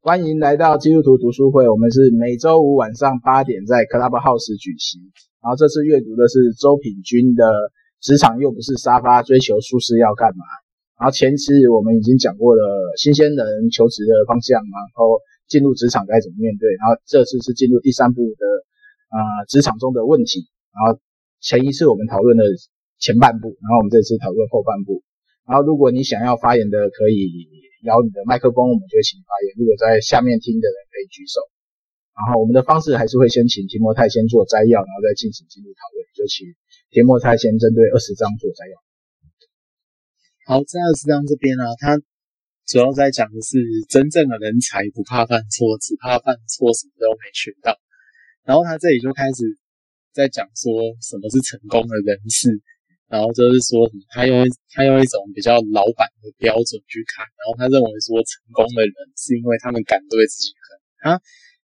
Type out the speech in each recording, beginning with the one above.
歡迎來到基督徒讀書會，我們是每周五晚上八點在 Clubhouse 舉行。然後這次閱讀的是周品均的《職場又不是沙發，追求舒適要幹嘛》。然後前一次我們已經講過了新鮮人求職的方向，然後進入職場該怎麼面對。然後這次是進入第三部的，呃，職場中的問題。然後前一次我們討論的前半部，然後我們這次討論後半部。然後如果你想要發言的，可以。咬你的麥克風，我們就請發言。如果在下面聽的人可以舉手。然後我們的方式還是會先請提摩太先做摘要，然後再進行進入討論。就請提摩太先針對二十章做摘要。好，在二十章這邊呢、啊，他主要在講的是真正的人才不怕犯錯，只怕犯錯什麼都沒學到。然後他這裡就開始在講說什麼是成功的人士。然後就是說什麼，他用他用一種比較老闆的標準去看，然後他認為說成功的人是因為他們敢對自己狠，啊，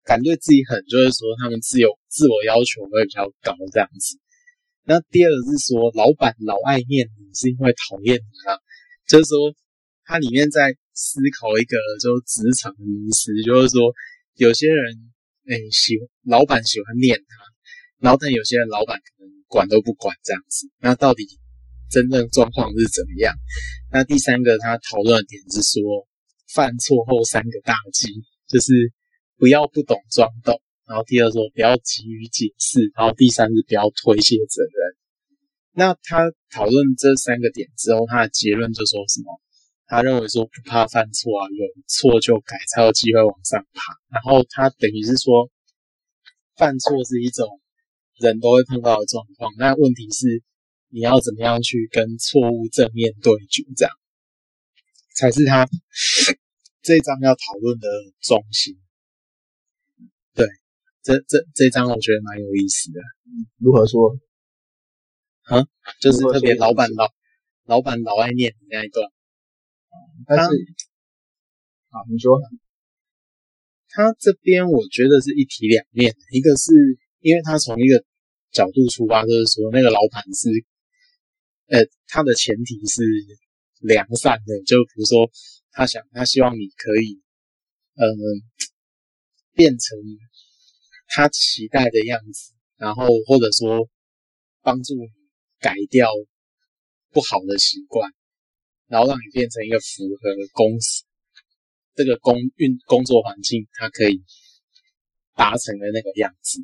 敢對自己狠，就是說他們自由自我要求會比較高這樣子。那第二個是說，老闆老愛念你是因為討厭他，就是說他裡面在思考一個就職場的迷思，就是說有些人哎喜老闆喜歡念他，然後但有些人老闆可能。管都不管這樣子，那到底真正狀況是怎麼樣？那第三個他討論的點是說，犯錯後三個大忌，就是不要不懂裝懂，然後第二說不要急於解釋，然後第三是不要推卸責任。那他討論這三個點之後，他的結論就說什麼？他認為說不怕犯錯啊，有錯就改才有機會往上爬。然後他等於是說，犯錯是一種。人都會碰到的狀況，那問題是你要怎麼樣去跟錯誤正面對決，這樣才是他這章要討論的中心。對，這這這章我覺得蠻有意思的，如何說？嗯、啊，就是特別老板老老板老愛念的那一段。但是，他你說他這邊，我覺得是一體兩面，一個是因為他從一個。角度出發，就是說，那個老闆是，呃，他的前提是良善的，就比如說，他想，他希望你可以，嗯、呃，變成他期待的樣子，然後或者說幫助你改掉不好的習慣，然後讓你變成一個符合的公司這個工運工作環境，他可以達成的那個樣子。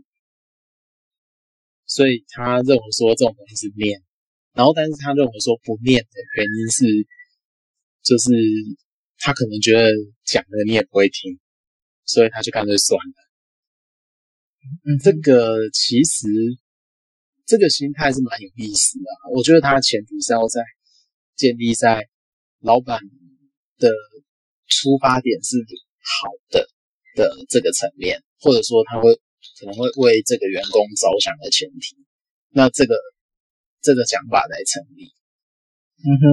所以他認為說，這種東西是念，然後但是他認為說不念的原因是，就是他可能覺得講了你也不會聽，所以他就乾脆算了。嗯，這個其實這個心態是蠻有意思的啊，我覺得他前提是要在建立在老闆的出發點是好的的這個層面，或者說他會。可能會為這個員工着想的前提，那這個這個想法來成立。嗯哼，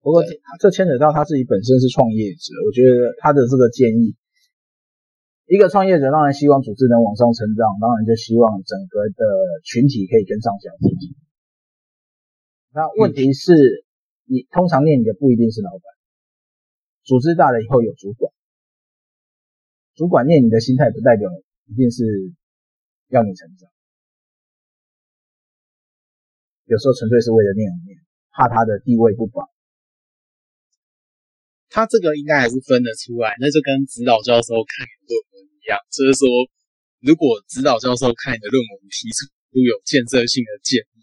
不過這牽扯到他自己本身是創業者，對我覺得他的這個建議，一個創業者當然希望組織能往上成長，當然就希望整個的群體可以跟上上自己，嗯、那問題是，你通常念你的不一定是老闆，組織大了以後有主管，主管念你的心態不代表你，一定是要你成長，有時候純粹是為了念而念，怕他的地位不保。他這個應該還是分得出來，那就跟指導教授，你看論文一樣，就是說，如果指導教授看你的論文提出都有建設性的建議，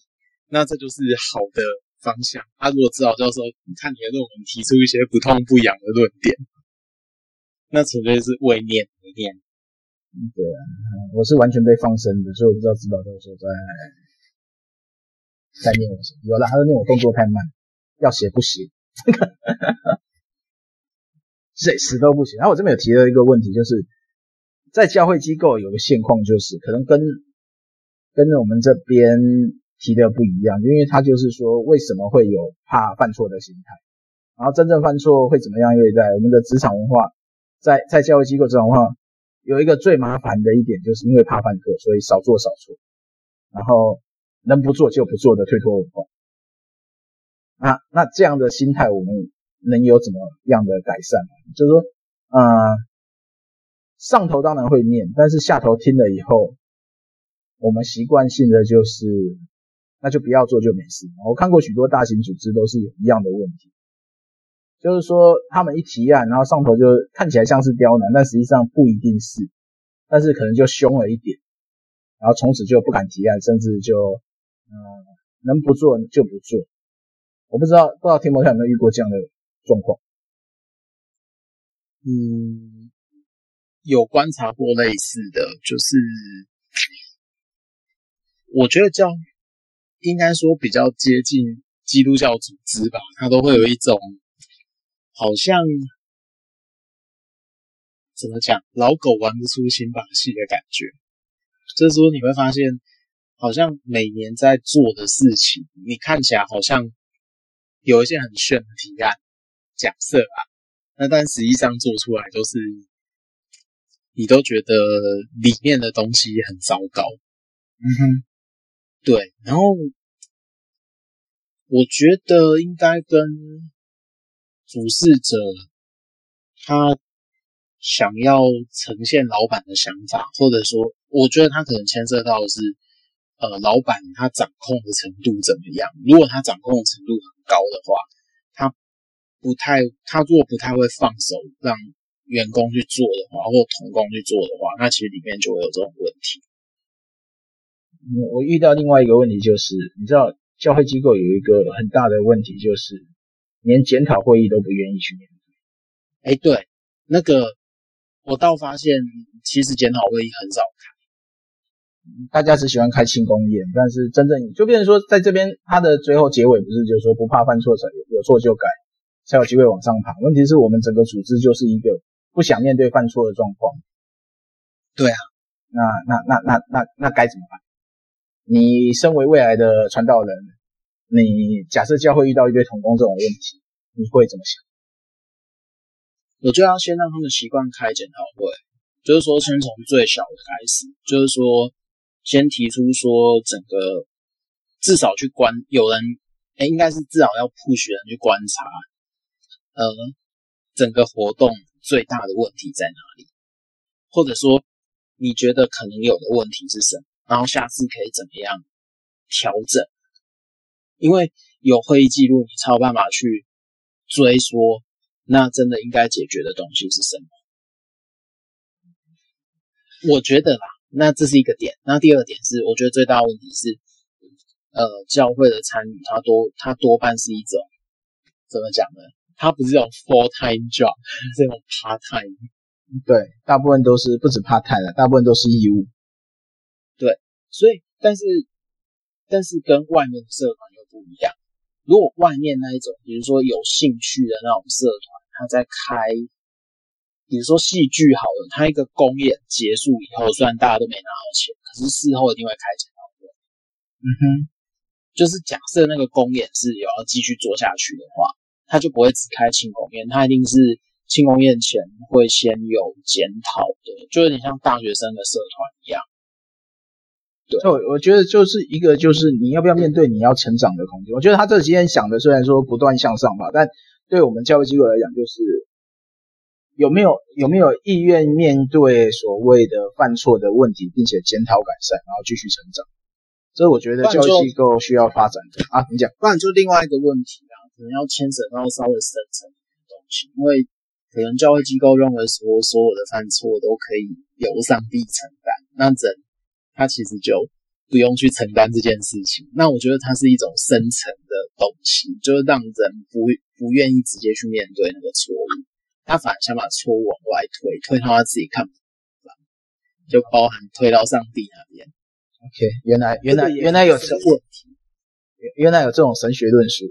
那這就是好的方向。他如果指導教授你看你的論文提出一些不痛不癢的論點，那純粹是為念而念。對啊，我是完全被放生的，所以我不知道指導教授在在念我什麼。有啦，他說念我動作太慢，要寫不行，哈哈，誰死都不行。然後我這邊有提到一個問題，就是在教會機構有個現況，就是可能跟跟我們這邊提的不一樣，因為他就是說為什麼會有怕犯錯的心態，然後真正犯錯會怎麼樣？因為在我們的職場文化，在在教會機構這種話。有一個最麻煩的一點，就是因為怕犯錯，所以少做少錯，然後能不做就不做的推脫文化。啊，那這樣的心態我，我們能有怎麼樣的改善？就是說，啊、呃，上頭當然會念，但是下頭聽了以後，我們習慣性的就是，那就不要做就沒事。我看過許多大型組織都是有一樣的問題。就是說，他們一提案，然後上頭就看起來像是刁難，但實際上不一定是，但是可能就凶了一點，然後從此就不敢提案，甚至就，呃、嗯，能不做就不做。我不知道不知道聽友有沒有遇過這樣的狀況？嗯，有觀察過類似的就是，我覺得叫應該說比較接近基督教組織吧，它都會有一種。好像怎麼講，老狗玩不出新把戲的感覺。這時候你會發現，好像每年在做的事情，你看起來好像有一些很炫的提案、假設啊，那但實際上做出來都、就是，你都覺得裡面的東西很糟糕。嗯哼，對。然後我覺得應該跟。主事者他想要呈現老闆的想法，或者說，我覺得他可能牽涉到的是，呃，老闆他掌控的程度怎麼樣？如果他掌控的程度很高的話，他不太，他如果不太會放手讓員工去做的話，或者同工去做的話，那其實裡面就會有這種問題。嗯，我遇到另外一個問題就是，你知道，教會機構有一個很大的問題就是。連檢討會議都不願意去面對，哎，欸、對，那個我倒發現，其實檢討會議很少開，大家只喜歡開慶功宴，但是真正就變成說在這邊，他的最後結尾不是就是說不怕犯錯，有有錯就改，才有機會往上爬。問題是我們整個組織就是一個不想面對犯錯的狀況，對啊，那那那那那那該怎麼辦？你身為未來的傳道人。你假設教會遇到一堆同工這種問題，你會怎麼想？我就要先讓他們習慣開檢討會，就是說先從最小的開始，就是說先提出說整個至少去觀有人哎、欸，應該是至少要 push 人去觀察，呃，整個活動最大的問題在哪裡？或者說你覺得可能有的問題是什麼？然後下次可以怎麼樣調整？因為有會議記錄，你才有辦法去追說，那真的應該解決的東西是什麼。我覺得啦，那這是一個點。那第二點是，我覺得最大的問題是，呃，教會的參與它多，它多半是一種怎麼講呢？它不是這種 full time job，這種 part time。對，大部分都是不止 part time 啊，大部分都是義務。對，所以但是但是跟外面社團。不一樣，如果外面那一種，比如說有興趣的那種社團，他在開，比如說戲劇好了，他一個公演結束以後，雖然大家都沒拿到錢，可是事後一定會開檢討會。嗯哼，就是假設那個公演是有要繼續做下去的話，他就不會只開慶功宴，他一定是慶功宴前會先有檢討的，就有點像大學生的社團一樣。對，我我覺得就是一個，就是你要不要面對你要成長的空間。我覺得他這幾天想的雖然說不斷向上吧，但對我們教會機構來講，就是有沒有有沒有意願面對所謂的犯錯的問題，並且檢討改善，然後繼續成長。所以我覺得教會機構需要發展的。然啊，你講，不然就另外一個問題啊，可能要牽扯到稍微深層一點東西，因為可能教會機構認為說所有的犯錯都可以由上帝承擔，那整。他其實就不用去承擔這件事情，那我覺得它是一種深層的東西，就是讓人不不願意直接去面對那個錯誤，他反而想把錯誤往外推，推到他自己看不出來，就包含推到上帝那邊。OK，原來原來原來有這個問題，原原來有這種神學論述，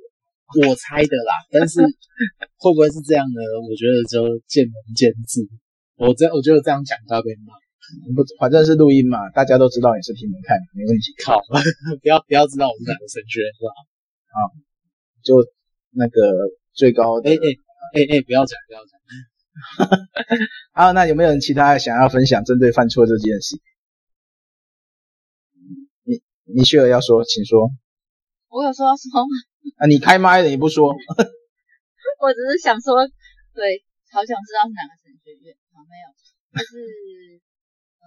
我猜的啦，但是 會不會是這樣呢？我覺得就見仁見智，我這我覺得這樣講就要被罵。不，反正是錄音嘛，大家都知道你是聽門看的，沒問題。好，不要不要知道我們哪個神學院是吧？啊，就那個最高誒誒誒誒，不要講不要講。 好，那有沒有人其他想要分享針對犯錯這件事？你你去了要，要說，請說。我有說要說嗎？啊，你開麥的你不說。 我只是想說，對，好想知道是哪個神學院。好，沒有，就是。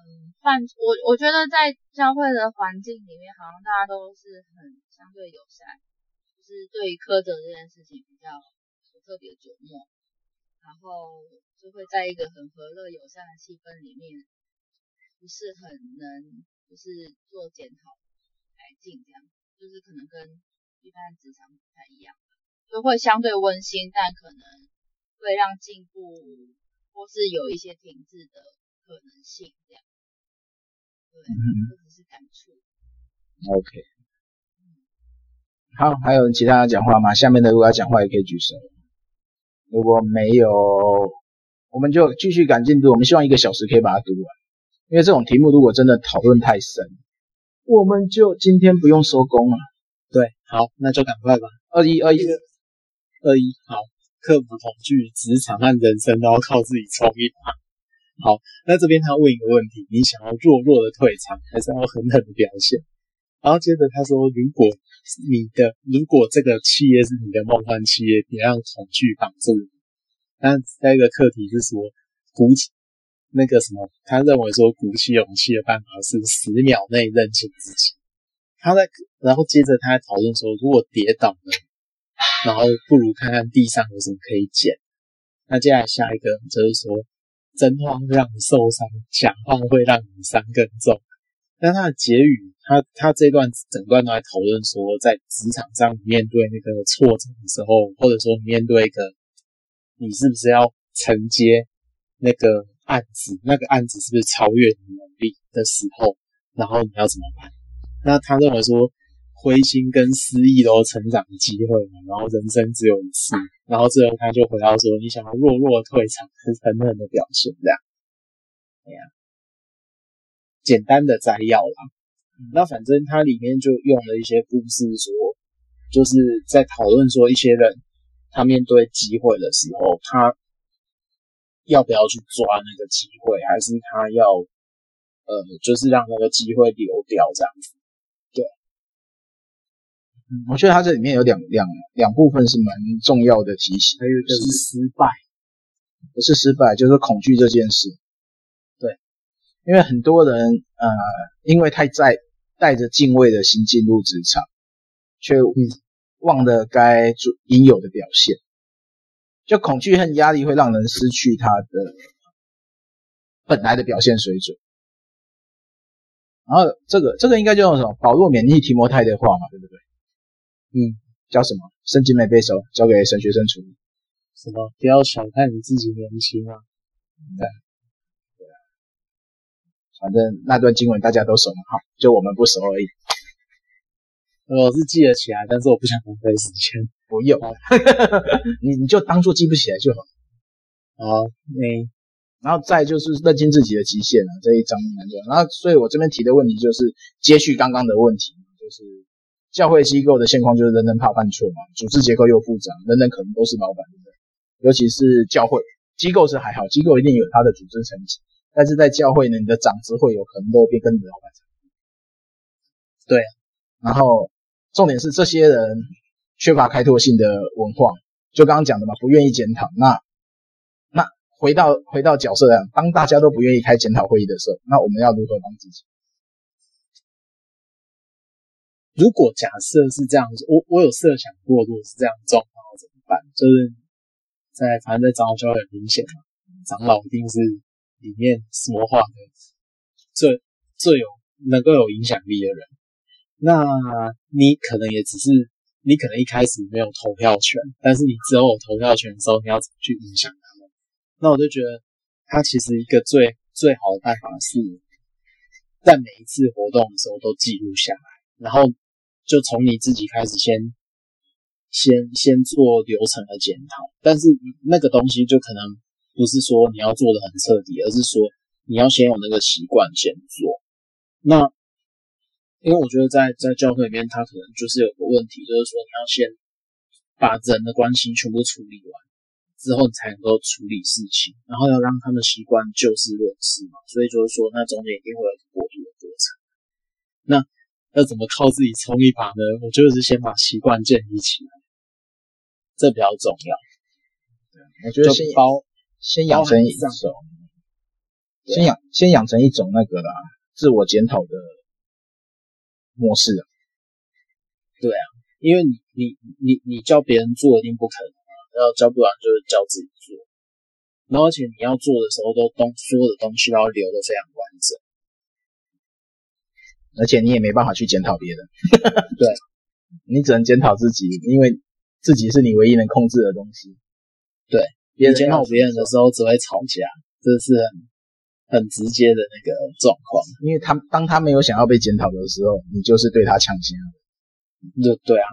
嗯，我我覺得在教會的環境裡面，好像大家都是很相對友善，就是對於苛責這件事情比較特別琢磨，然後就會在一個很和樂友善的氣氛裡面，不是很能不是做檢討改進這樣，就是可能跟一般職場不太一樣，就會相對溫馨，但可能會讓進步或是有一些停滯的可能性這樣。嗯哼，OK。好，還有其他要講話嗎？下面的如果要講話也可以舉手。如果沒有，我們就繼續趕進度。我們希望一個小時可以把它讀完。因為這種題目如果真的討論太深，我們就今天不用收工了。嗯、對，好，那就趕快吧。二一二一，二一，二一，好。克服恐懼，職場和人生都要靠自己衝一把。好，那這邊他問一個問題：你想要弱弱的退場，還是要狠狠的表現？然後接着他說，如果你的如果這個企業是你的夢幻企業，別讓恐懼綁住你。那下一個課題是說鼓起那個什麼，他認為說鼓起勇氣的辦法是十秒內認清自己。他在，然後接着他在討論說，如果跌倒了，然後不如看看地上有什麼可以撿。那接下來下一個就是說。真話會讓你受傷，假話會讓你傷更重。但他的結語，他他這段整段都在討論說，在職場上面對那個挫折的時候，或者說面對一個你是不是要承接那個案子，那個案子是不是超越你能力的時候，然後你要怎麼辦？那他認為說。灰心跟失意都有成長的機會嘛，然後人生只有一次，然後最後他就回到說，你想要弱弱退場，是狠狠的表現這樣？哎呀，簡單的摘要啦。那反正他裡面就用了一些故事說，說就是在討論說一些人他面對機會的時候，他要不要去抓那個機會，還是他要呃，就是讓那個機會流掉這樣子。我覺得他這裡面有兩兩兩部分是蠻重要的提醒的，還有就是失敗，不是失敗，就是恐懼這件事。對，因為很多人呃，因為太在帶着敬畏的心進入職場，卻忘了該應有的表現。就恐懼和壓力會讓人失去他的本來的表現水準。然後這個這個應該就用什麼？“保羅勉勵提摩太的話嘛，對不對？”嗯，叫什麼？聖經沒背熟，交給神學生處理。什麼？不要小看你自己年輕啊、嗯！對啊，反正那段經文大家都熟了，就我們不熟而已。 我是記得起來，但是我不想浪費時間。不用， 你你就當作記不起來就好。好，你、嗯，然後再就是認清自己的極限了，啊，這一章難度。那所以我這邊提的問題就是接續剛剛的問題，就是。教會機構的現況就是人人怕犯錯嘛，組織結構又複雜，人人可能都是老闆的，尤其是教會，機構是還好，機構一定有他的組織層級，但是在教會呢，你的長執會有可能都變跟你的老闆，對，然後重點是這些人缺乏開拓性的文化，就剛剛講的嘛，不願意檢討。那那回到回到角色來講，當大家都不願意開檢討會議的時候，那我們要如何幫自己？如果假設是這樣子，我我有設想過，如果是這樣狀況我怎麼辦？就是在反正在長老教會很明顯嘛，啊，長老一定是裡面什麼話最最有能夠有影響力的人。那你可能也只是，你可能一開始沒有投票權，但是你之後有投票權的時候，你要怎麼去影響他們？那我就覺得，他其實一個最最好的辦法是在每一次活動的時候都記錄下來。然後就從你自己開始先，先先先做流程的檢討，但是那個東西就可能不是說你要做的很徹底，而是說你要先有那個習慣先做。那因為我覺得在在教會裡面，他可能就是有個問題，就是說你要先把人的關係全部處理完之後，你才能夠處理事情，然後要讓他們習慣就事論事嘛。所以就是說，那中間一定會有過渡的過程。那。要怎麼靠自己衝一把呢？我覺得是先把習慣建立起來，這比較重要。對，我覺得是包先養成一種，先養對先養成一種那個啦，自我檢討的模式啊。對啊，因為你你你你叫別人做一定不可能啊，然要教不然就是教自己做。然後而且你要做的時候都東說的東西都要留得非常完整。而且你也沒辦法去檢討別人， 對，你只能檢討自己，因為自己是你唯一能控制的東西。對，別人檢討別人的時候只會吵架，這是很，很直接的那個狀況。 因為他當他沒有想要被檢討的時候，你就是對他強行了。對啊，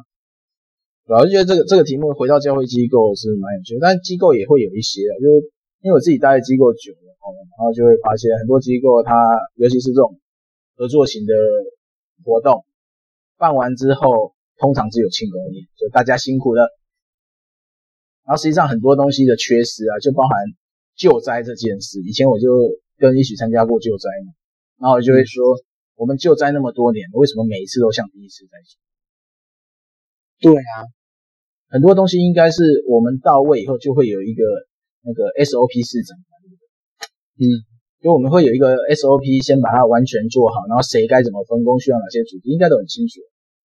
老師覺得這個這個題目回到教會機構是蠻有趣的，但機構也會有一些，就因為我自己待的機構久了，然後就會發現很多機構他，它尤其是這種。合作型的活動辦完之後，通常只有慶功宴，所以大家辛苦了。然後實際上很多東西的缺失啊，就包含救災這件事。以前我就跟你一起參加過救災嘛，然後我就會說，我們救災那麼多年，為什麼每一次都像第一次在一起？對啊，很多東西應該是我們到位以後就會有一個那個 SOP 是怎麼？嗯。因為我們會有一個 SOP，先把它完全做好，然後誰該怎麼分工，需要哪些組織，應該都很清楚。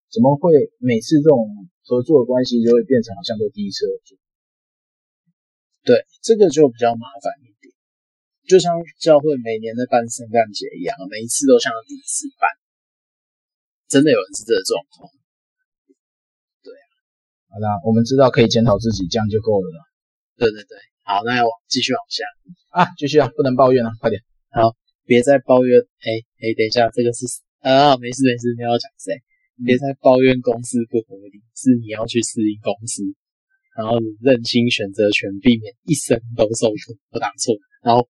怎麼會每次這種合作的關係就會變成好像做第一次合作？對，這個就比較麻煩一點。就像教會每年的辦聖誕節一樣，每一次都像第一次辦。真的有人是這種。對啊。好啦，我們知道可以檢討自己，這樣就夠了。對對對。好，那我繼續往下啊，繼續啊，不能抱怨了，啊，快點，好，別再抱怨。哎，欸，哎，欸，等一下，這個是啊，呃，沒事沒事，你要講誰？別再抱怨公司不合理，是你要去適應公司，然後你認清選擇權，避免一生都受苦。我打錯，然後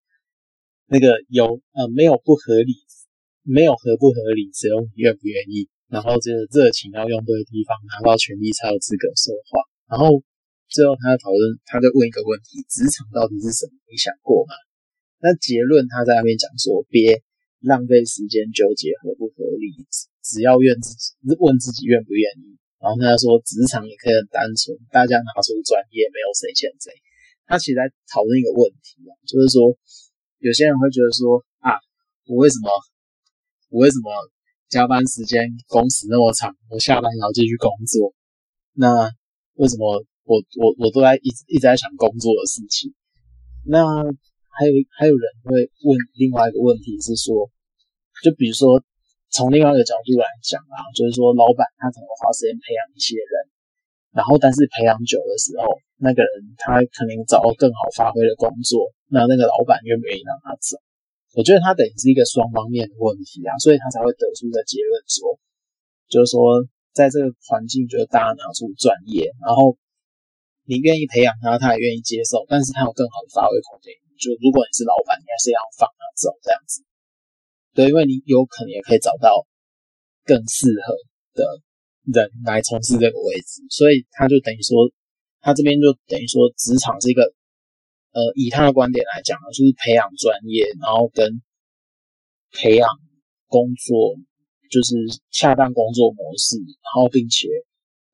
那個有呃沒有不合理，沒有合不合理，只有你願不願意。然後這個熱情要用對的地方，拿到權利才有資格說話。然後。最後他在，他討論他在問一個問題：職場到底是什麼？你想過嗎？那結論他在那邊講說：別浪費時間糾結合不合理，只只要問自己，問自己願不願意。然後他說，職場也可以很單純，大家拿出專業，沒有誰欠誰。他其實在討論一個問題啊，就是說有些人會覺得說啊，我為什麼我為什麼加班時間工時那麼長？我下班還要繼續工作，那為什麼？我我我都在一直一直在想工作的事情。那還有還有人會問另外一個問題是說，就比如說從另外一個角度來講啊，就是說老闆他可能花時間培養一些人，然後但是培養久的時候，那個人他肯定找到更好發揮的工作，那那個老闆願不願意讓他走。我覺得他等於是一個雙方面的問題啊，所以他才會得出一個結論說，就是說在這個環境，就是大家拿出專業，然後。你願意培養他，他也願意接受，但是他有更好的發揮空間。就如果你是老闆，應該是要放他走這樣子，對，因為你有可能也可以找到更適合的人來從事這個位置。所以他就等於說，他這邊就等於說，職場是一個，呃，以他的觀點來講呢，就是培養專業，然後跟培養工作，就是恰當工作模式，然後並且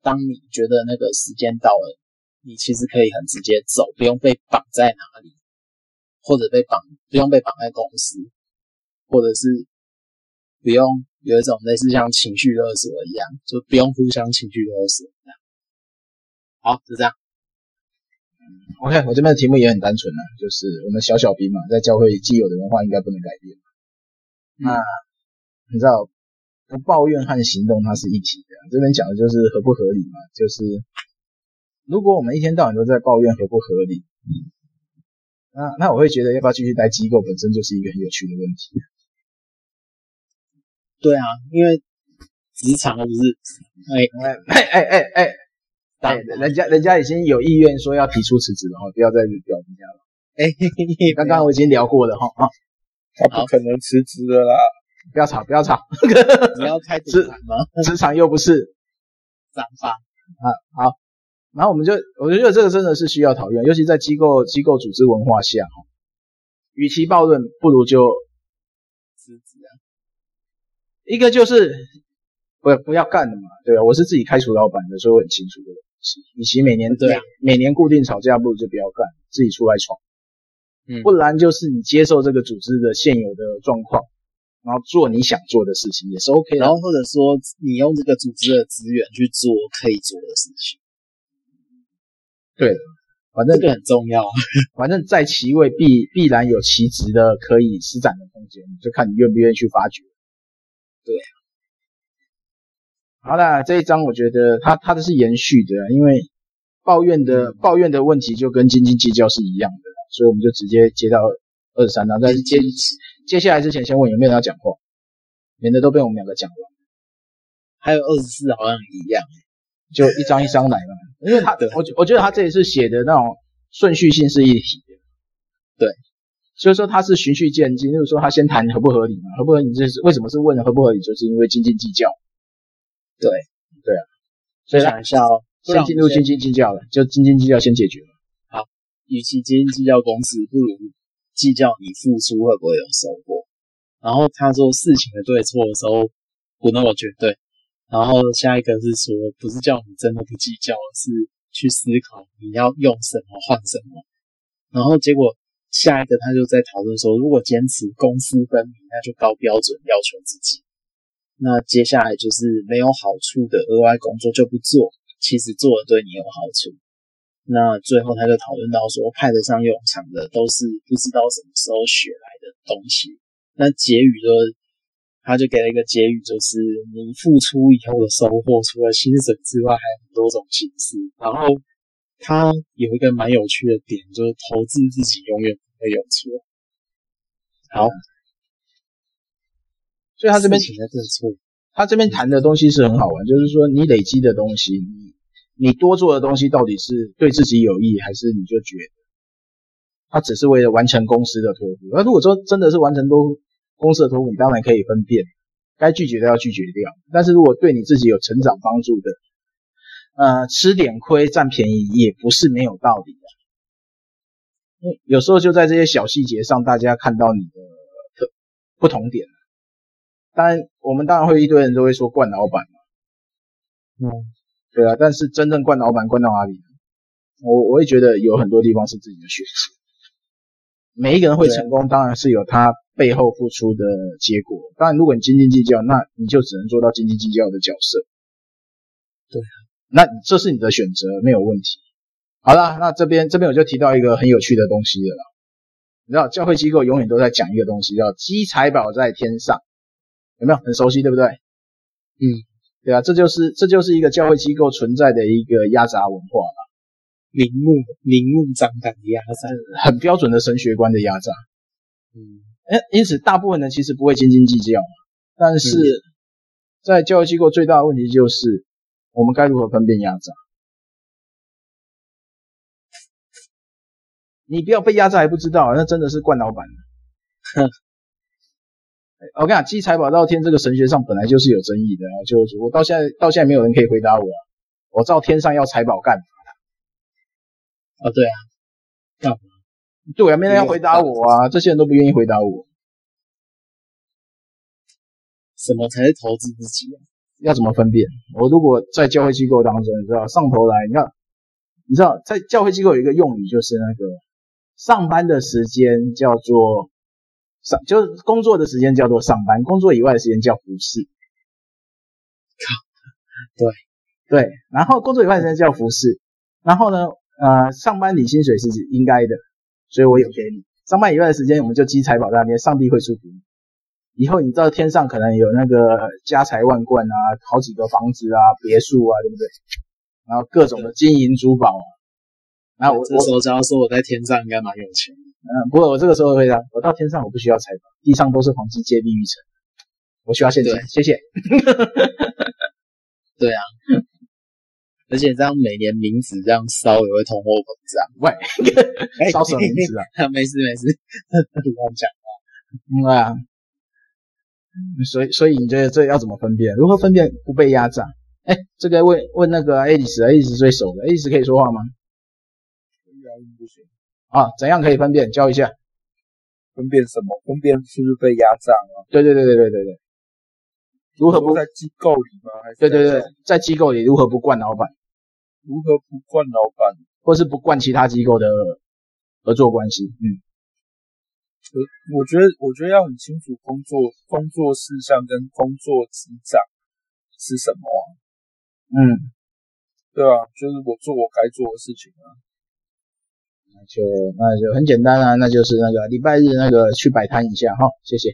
當你覺得那個時間到了。你其實可以很直接走，不用被綁在哪裡，或者被綁，不用被綁在公司，或者是不用有一種類似像情緒勒索一樣，就不用互相情緒勒索一樣。好，就這樣。OK，我這邊的題目也很單純啊，就是我們小小兵嘛，在教會既有的文化應該不能改變嘛。嗯、那你知道，抱怨和行動它是一體的。這邊講的就是合不合理嘛，就是。如果我們一天到晚都在抱怨合不合理，那那我會覺得要不要繼續待機構本身就是一個很有趣的問題。對啊，因為職場又不是哎哎哎哎哎，哎、欸欸欸欸欸、人家人家已經有意願說要提出辭職了，哈，不要再表人家了。哎、欸，剛剛我已經聊過了，哈好啊，他不可能辭職的啦，不要吵，不要吵。你要開職場嗎？職場又不是沙發啊，好。然後我們就，我覺得這個真的是需要討論，尤其在機構機構組織文化下，哈，與其抱怨，不如就，辭職啊。一個就是不不要幹了嘛，對啊，我是自己開除老板的，所以我很清楚這個東西。與其每年對啊，每年固定吵架，不如就不要幹，自己出來闖。嗯，不然就是你接受這個組織的現有的狀況，然後做你想做的事情也是 OK 的。然後或者說你用這個組織的資源去做可以做的事情。對，反正這很重要， 反正在其位必必然有其職的可以施展的空間，就看你願不願意去發掘。對、啊，好了，這一章我覺得他他的是延續的、啊，因為抱怨的、嗯、抱怨的問題就跟斤斤計較是一樣的、啊，所以我們就直接接到二十三章，但是接接下來之前先問有沒有人要講話，免得都被我們兩個講完。還有二十四好像一樣。就一張一張來嘛，因為他的我我覺得他這裡是寫的那種順序性是一體的，對，所以說他是循序漸進，就是說他先談合不合理嘛，合不合理就是為什麼是問合不合理，就是因為斤斤計較，對對啊，所以想一下哦，先進入斤斤計較了，就斤斤計較先解決了。好，與其斤斤計較工資，不如計較你付出會不會有收穫。然後他說事情的對錯的時候不那麼絕對。然後下一個是說，不是叫你真的不計較，是去思考你要用什麼換什麼。然後結果下一個他就在討論說，如果堅持公私分明，那就高標準要求自己。那接下來就是沒有好處的額外工作就不做，其實做了對你有好處。那最後他就討論到說，派得上用場的都是不知道什麼時候學來的東西。那結語就他就給了一個結語，就是你付出以後的收穫，除了薪水之外，還有很多種形式。然後他有一個蠻有趣的點，就是投資自己永遠不會有錯。好，嗯、所以他這邊存在是錯。他這邊談的東西是很好玩，嗯、就是說你累積的東西，你你多做的東西，到底是對自己有益，還是你就覺得他只是為了完成公司的客戶，那如果說真的是完成都。公司的托付，你當然可以分辨，該拒絕的要拒絕掉。但是如果對你自己有成長幫助的，呃，吃點虧佔便宜也不是沒有道理的。嗯，有時候就在這些小細節上，大家看到你的特不同點。當然，我們當然會一堆人都會說慣老闆嘛。嗯，對啊。但是真正慣老闆慣到哪裡呢？我我也覺得有很多地方是自己的選擇。每一個人會成功，對當然是有他背後付出的結果。但如果你斤斤計較，那你就只能做到斤斤計較的角色。對啊，那這是你的選擇，沒有問題。好了，那這邊這邊我就提到一個很有趣的東西了啦。你知道教會機構永遠都在講一個東西，叫積財寶在天上，有沒有很熟悉，對不對？嗯，對啊，這就是這就是一個教會機構存在的一個壓榨文化了。明目明目張膽的壓榨，很標準的神學觀的壓榨。嗯，誒，因此大部分人其實不會斤斤計較。嗯、但是在教育機構最大的問題就是，我們該如何分辨壓榨？你不要被壓榨還不知道啊，那真的是慣老闆、啊。哼呵。我跟你講，積財寶到天這個神學上本來就是有爭議的、啊，就是、我到現在到現在沒有人可以回答我、啊。我照天上要財寶幹嘛？啊、哦，對啊，幹啊對啊，沒人要回答我啊，這些人都不願意回答我。什麼才是投資自己、啊？要怎麼分辨？我如果在教會機構當中，你知道上頭來，你看，你知道在教會機構有一個用語，就是那個上班的時間叫做上，就是工作的時間叫做上班，工作以外的時間叫服事。啊、對對，然後工作以外的時間叫服事。然後呢？呃，上班領薪水是應該的，所以我有給你。上班一段時間，我們就積財寶在那邊，上帝會祝福你。以後你到天上可能有那個家財萬貫啊，好幾個房子啊，別墅啊，對不對？然後各種的金銀珠寶啊。那對我這時候只要說我在天上應該蠻有錢。嗯，不過我這個時候會講，我到天上我不需要財寶，地上都是黃金街、碧玉城，我需要現金。對謝謝。 對啊。而且這樣每年名字這樣燒也會通貨膨脹，喂，燒 什麼名字啊？ 沒事沒事，不要講話，對、嗯、啊。所以所以你覺得這要怎麼分辨？如何分辨不被壓榨？誒、欸、這個問問那個愛麗絲愛麗絲最熟的愛麗絲，欸、可以說話嗎？啊，不行啊，怎樣可以分辨？教一下，分辨什麼？分辨是不是被壓榨啊？對對，對對對對對對對，如何不在機構裡嗎？對對，對對對，在機構裡如何不慣老闆？如何不慣老闆，或是不慣其他機構的合作關係？嗯，我我覺得我覺得要很清楚工作工作事項跟工作職掌是什麼啊？嗯，對啊，就是我做我該做的事情啊。那就那就很簡單啊，那就是那個禮拜日那個去擺攤一下哈，謝謝。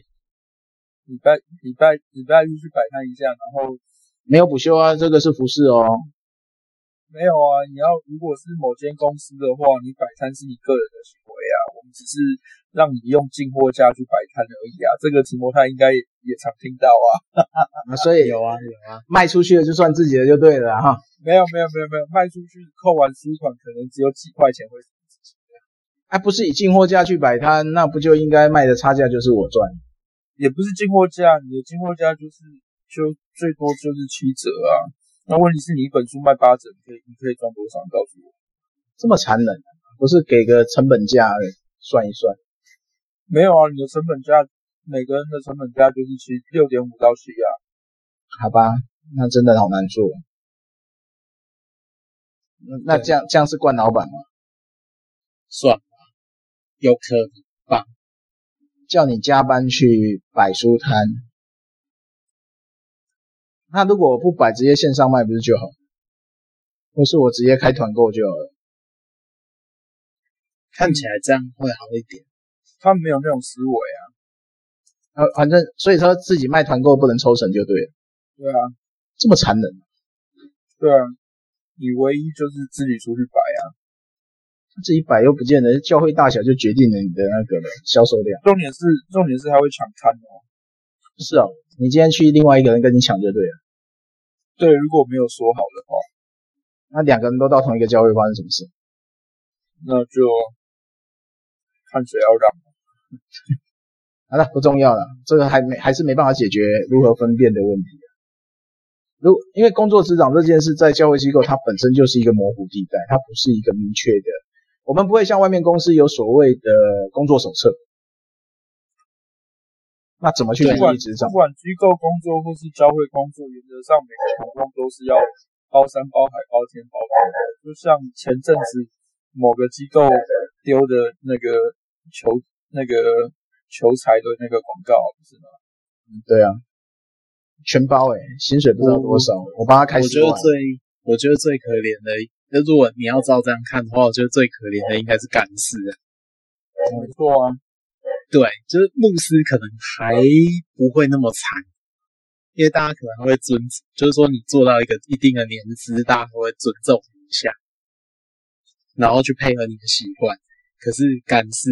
禮拜禮拜禮拜日去擺攤一下，然後沒有補休啊，這個是服侍哦。沒有啊，你要如果是某間公司的話，你擺攤是你個人的行為啊，我們只是讓你用進貨價去擺攤而已啊。這個題目他應該也，也常聽到啊，啊所以有啊，啊，有，啊有啊，賣出去的就算自己的就對了哈、啊。沒有沒有沒有沒有，賣出去扣完稅款，可能只有幾塊錢會是自己的。哎，不是以進貨價去擺攤，那不就應該賣的差價就是我賺？也不是進貨價，你的進貨價就是就最多就是七折啊。那問題是，你一本書賣八折，以你可以可以賺多少？你告訴我，這麼殘忍、啊，不是給個成本價、欸、算一算？沒有啊，你的成本價，每個人的成本價就是七六點五到七啊。好吧，那真的好難做。那對那這樣這樣是慣老闆嗎？算了，有可能吧，叫你加班去擺書攤。那如果我不擺，直接線上賣不是就好？或是我直接開團購就好了？看起來這樣會好一點。他們沒有那種思維啊。啊，反正所以他自己賣團購不能抽成就對了。對啊，這麼殘忍？對啊，你唯一就是自己出去擺啊。自己擺又不見得，教會大小就決定了你的那個銷售量。重點是，重點是還會搶看哦。是啊、哦，你今天去另外一個人跟你搶就對了。對，如果沒有說好的話，那兩個人都到同一個教會發生什麼事？那就看誰要讓、啊。 好了，不重要了，這個還沒還是沒辦法解決如何分辨的問題、啊。如因為工作職掌這件事在教會機構，它本身就是一個模糊地帶，它不是一個明確的。我們不會像外面公司有所謂的工作手冊。那怎麼去？不管這種不管機構工作或是教會工作，原則上每個員工都是要包山包海包天包地。就像前陣子某個機構丟的那個求那個求財的那個廣告，不是嗎、嗯？對啊，全包哎、欸，薪水不知道多少，我，我幫他開。我覺得最我覺得最可憐的，那如果你要照這樣看的話，我覺得最可憐的應該是幹事啊。沒錯啊。對，就是牧師可能還不會那麼慘，因為大家可能會尊，就是說你做到一個一定的年資，大家都會尊重你一下，然後去配合你的習慣。可是幹事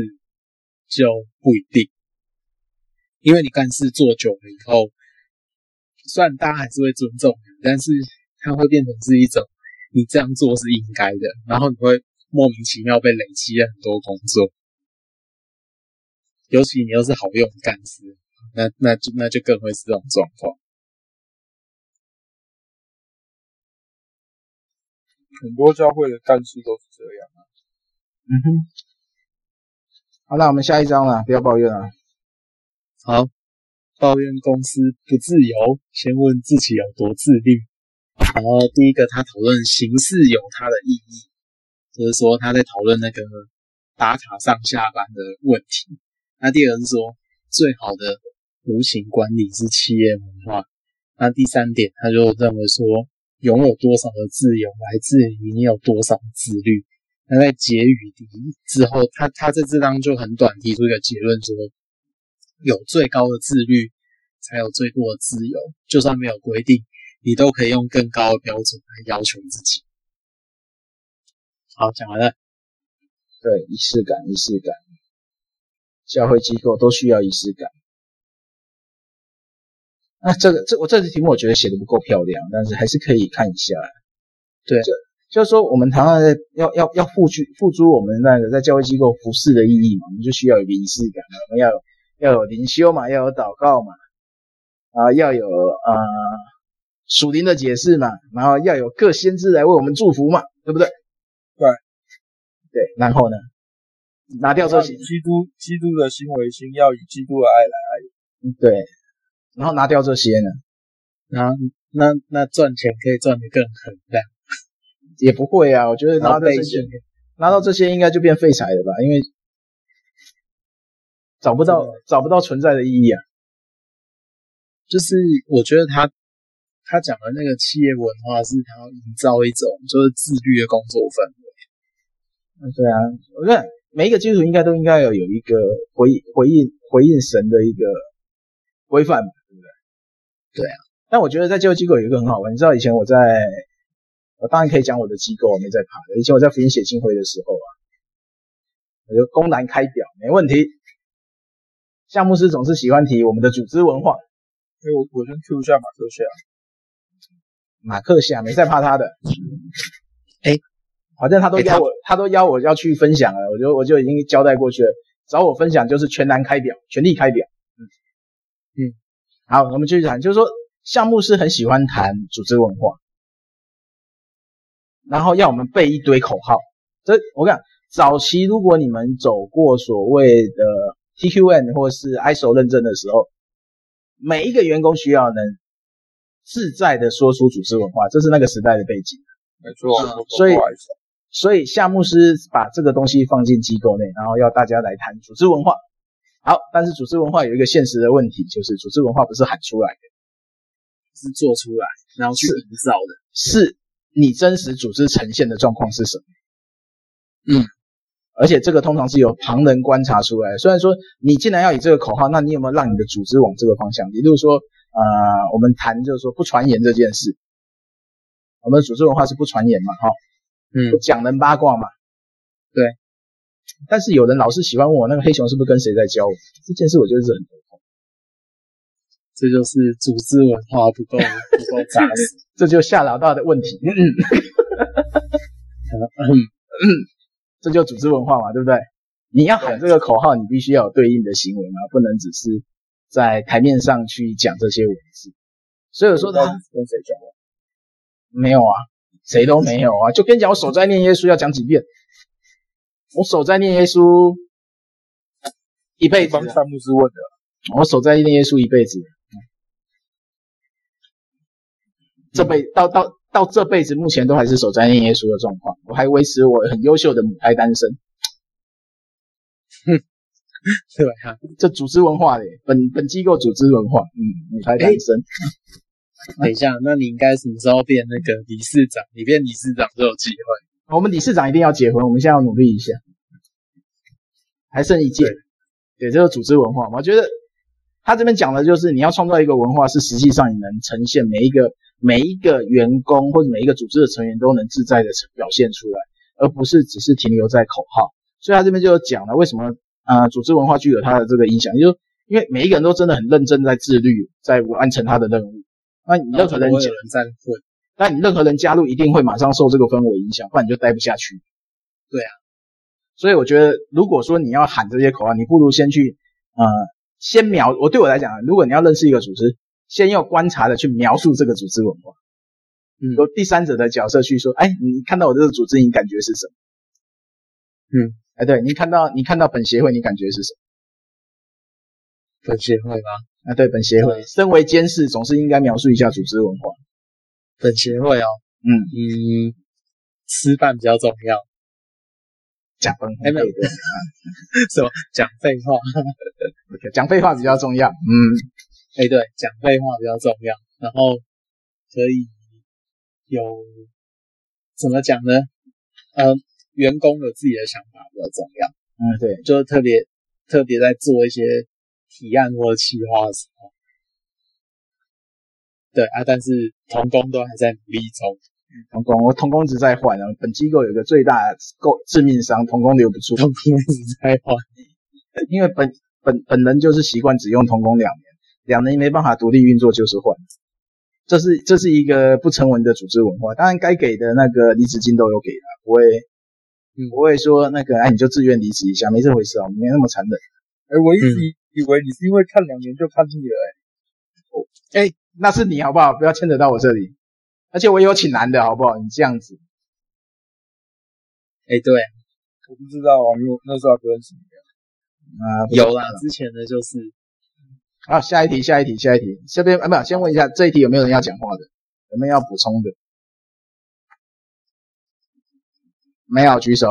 就不一定，因為你幹事做久了以後，雖然大家還是會尊重你，但是它會變成是一種你這樣做是應該的，然後你會莫名其妙被累積了很多工作。尤其你又是好用幹事，那那就那就更會是這種狀況。很多教會的幹事都是這樣啊。嗯哼。好，那我們下一章了，不要抱怨啊。好，抱怨公司不自由，先問自己有多自律。然後第一個，他討論形式有它的意義，就是說他在討論那個打卡上下班的問題。那第二是說，最好的無形管理是企業文化。那第三點，他就認為說，擁有多少的自由，來自於你有多少自律。那在結語的之後，他他這章當中就很短，提出一個結論說，有最高的自律，才有最多的自由。就算沒有規定，你都可以用更高的標準來要求自己。好，講完了。對，儀式感，儀式感。教會機構都需要儀式感。那、啊、這個這我這題目我覺得寫的不夠漂亮，但是還是可以看一下。對，對就是說我們堂上要要要付出付出我們那個在教會機構服侍的意義嘛，我們就需要一個儀式感，我們要要有靈修嘛，要有禱告嘛，啊，要有啊、呃、屬靈的解釋嘛，然後要有各先知來為我們祝福嘛，對不對？對，對，然後呢？拿掉這些，基督基督的心為心，要以基督的愛來愛人。對，然後拿掉這些呢？然後那那賺錢可以賺得更狠，啊，這樣也不會啊。我覺得拿到這些，拿到這些應該就變廢柴了吧？因為找不到對找不到存在的意義啊。就是我覺得他他講的那個企業文化，是他要營造一種就是自律的工作氛圍。對啊，我覺得。每一個機構應該都應該要有一個回應回應回應神的一個規範嘛，對不對？對啊。但我覺得在教會機構有一個很好玩，你知道以前我在，我當然可以講我的機構，我沒在怕的。以前我在福音寫進會的時候啊，我就公然開表，沒問題。夏牧師總是喜歡提我們的組織文化。哎我我先 Q 下把 Q 下。馬克下，馬克下沒在怕他的。哎、欸。反正他都邀我，欸、他，他都邀我要去分享了，我就我就已經交代過去了。找我分享就是全然開表，全力開表。嗯嗯，好，我們繼續講，就是說項目是很喜歡談組織文化，然後要我們背一堆口號。這我跟你講，早期如果你們走過所謂的 TQM 或是 ISO 認證的時候，每一個員工需要能自在的說出組織文化，這是那個時代的背景。沒錯，啊、所以。不好意思所以夏牧師把這個東西放進機構內，然後要大家來談組織文化。好，但是組織文化有一個現實的問題，就是組織文化不是喊出來的，是做出來，然後去營造的，是你真實組織呈現的狀況是什麼？嗯。而且這個通常是由旁人觀察出來的。雖然說你既然要以這個口號，那你有沒有讓你的組織往這個方向？也就是說，呃，我們談就是說不傳言這件事，我們組織文化是不傳言嘛？哈、哦。嗯，講人八卦嘛，對。但是有人老是喜歡問我那個黑熊是不是跟誰在交往，這件事我就是很頭痛。 這就是組織文化不夠不夠紮實， 這就夏老大的問題。嗯，這就組織文化嘛，對不對？你要喊這個口號，你必須要有對應的行為嘛、啊，不能只是在台面上去講這些文字。所以我說他跟誰交往？沒有啊。誰都沒有啊，就跟你講，我守在念耶穌要講幾遍？我守在念耶穌一輩子，三不知問，我守在念耶穌一輩子，這輩子到到到這輩子目前都還是守在念耶穌的狀況，我還維持我很優秀的母胎單身，哼，對吧？這組織文化嘞，本本機構組織文化，嗯，母胎單身。等一下，那你應該什麼時候變那個理事長？你變理事長都有機會。我們理事長一定要結婚，我們現在要努力一下。還剩一件，對，對這個組織文化嘛，我覺得他這邊講的就是你要創造一個文化，是實際上你能呈現每一個每一個員工或者每一個組織的成員都能自在的表現出來，而不是只是停留在口號。所以他這邊就講了為什麼啊，呃，組織文化具有它的這個影響，就是因為每一個人都真的很認真在自律，在完成他的任務。那你任何人加那你任何人加入一定會馬上受這個氛圍影響，不然你就待不下去。對啊，所以我覺得，如果說你要喊這些口號，你不如先去，呃，先描。我對我來講，如果你要認識一個組織，先要觀察的去描述這個組織文化，嗯、有第三者的角色去說，哎、欸，你看到我這個組織，你感覺是什麼？嗯，哎、欸，對，你看到你看到本協會，你感覺是什麼？本協會嗎？啊，對，本協會身為監事，總是應該描述一下組織文化。本協會哦，嗯嗯，吃飯、嗯、比較重要，講，哎、講廢話，什麼講廢話，講廢話比較重要，嗯，誒、哎、對，講廢話比較重要，然後可以有怎麼講呢？呃，呃員工有自己的想法比較重要，嗯對，就特別特別在做一些。提案或企劃的時候，對，對啊，但是同工都還在努力中。同工，我同工一直在換，啊。本機構有一個最大致命傷，同工留不住。同工一直在換， 因為本本本人就是習慣只用同工兩年，兩年沒辦法獨立運作，就是換。這是這是一個不成文的組織文化。當然，該給的那個離職金都有給啊，不會不會說那個哎、啊、你就自願離職一下，沒這回事啊，沒那麼殘忍，啊。而我一直、嗯。以為你是因為看兩年就看膩了、欸，哎、哦，哎、欸，那是你好不好？不要牽扯到我這裡，而且我也有請男的，好不好？你這樣子，哎、欸，對，我不知道啊，因為我那時候不認識你。啊，啊有啦，啊、之前的就是。好，下一題，下一題，下一題，下邊啊，不，先問一下，這一題有沒有人要講話的？有沒有要補充的？沒有舉手，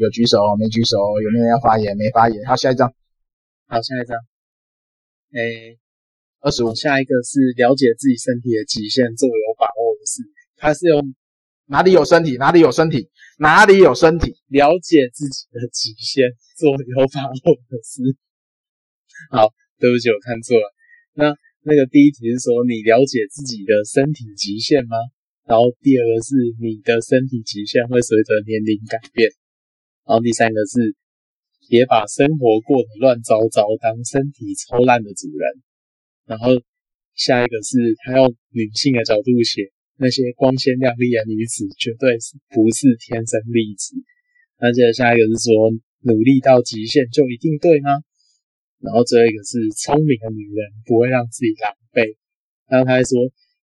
有舉手，沒舉手，有沒有人要發言？沒發言。好，下一張。好，下一張，哎、欸，二十五，下一個是了解自己身體的極限，做有把握的事。它是用哪裡有身體，哪裡有身體，哪裡有身體，了解自己的極限，做有把握的事。好，對不起，我看錯了。那那個第一題是說你了解自己的身體極限嗎？然後第二個是你的身體極限會隨着年齡改變，然後第三個是。別把生活過得亂糟糟，當身體抽爛的主人。然後下一個是他用女性的角度寫，那些光鮮亮麗的女子絕對不是天生麗質。那接着下一個是說努力到極限就一定對嗎？然後最後一個是聰明的女人不會讓自己狼狽。然後他還說，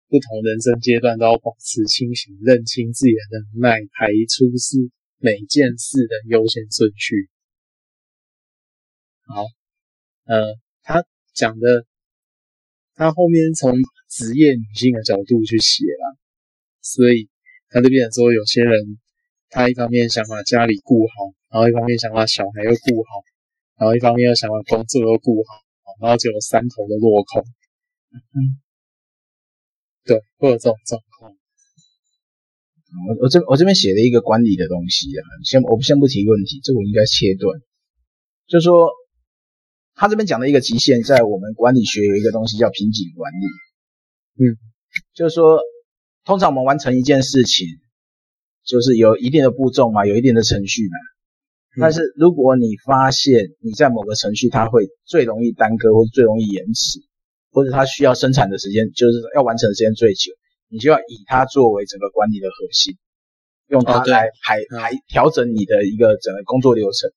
不同人生階段都要保持清醒，認清自己的能耐，排出是每件事的優先順序。好，呃，他講的，他後面從職業女性的角度去寫了，所以他這邊說有些人，他一方面想把家裡顧好，然後一方面想把小孩又顧好，然後一方面又想把工作又顧好，然後結果三頭都落空，嗯、對，各種狀況。我我這我這邊寫了一個管理的東西啊，先我不先不提問題，這我應該切斷，就說。他這邊講的一個極限，在我們管理學有一個東西叫瓶頸管理。嗯，就是說，通常我們完成一件事情，就是有一定的步驟嘛，有一定的程序嘛。但是如果你發現你在某個程序，它會最容易耽擱，或者最容易延遲，或者它需要生產的時間，就是要完成的時間最久，你就要以它作為整個管理的核心，用它來還還調整你的一個整個工作流程。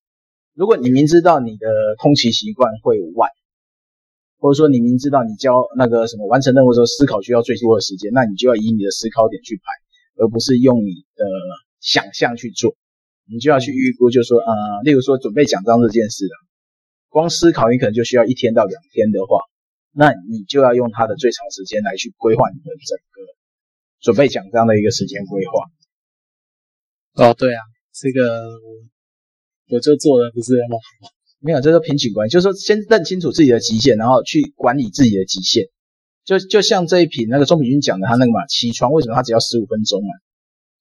如果你明知道你的通勤習慣會晚，或者說你明知道你交那個什麼完成任務的時候思考需要最多的時間，那你就要以你的思考點去排，而不是用你的想象去做。你就要去預估就，就說啊，例如說準備講章這件事啊，光思考你可能就需要一天到兩天的話，那你就要用它的最長時間來去規劃你的整個準備講章的一個時間規劃。哦，對啊，這個。我就做的不是嗎？ 沒有，這個瓶頸管理，就是說，先認清楚自己的極限，然後去管理自己的極限。就就像這一篇那個周品均講的，他那個嘛起床為什麼他只要十五分鐘啊？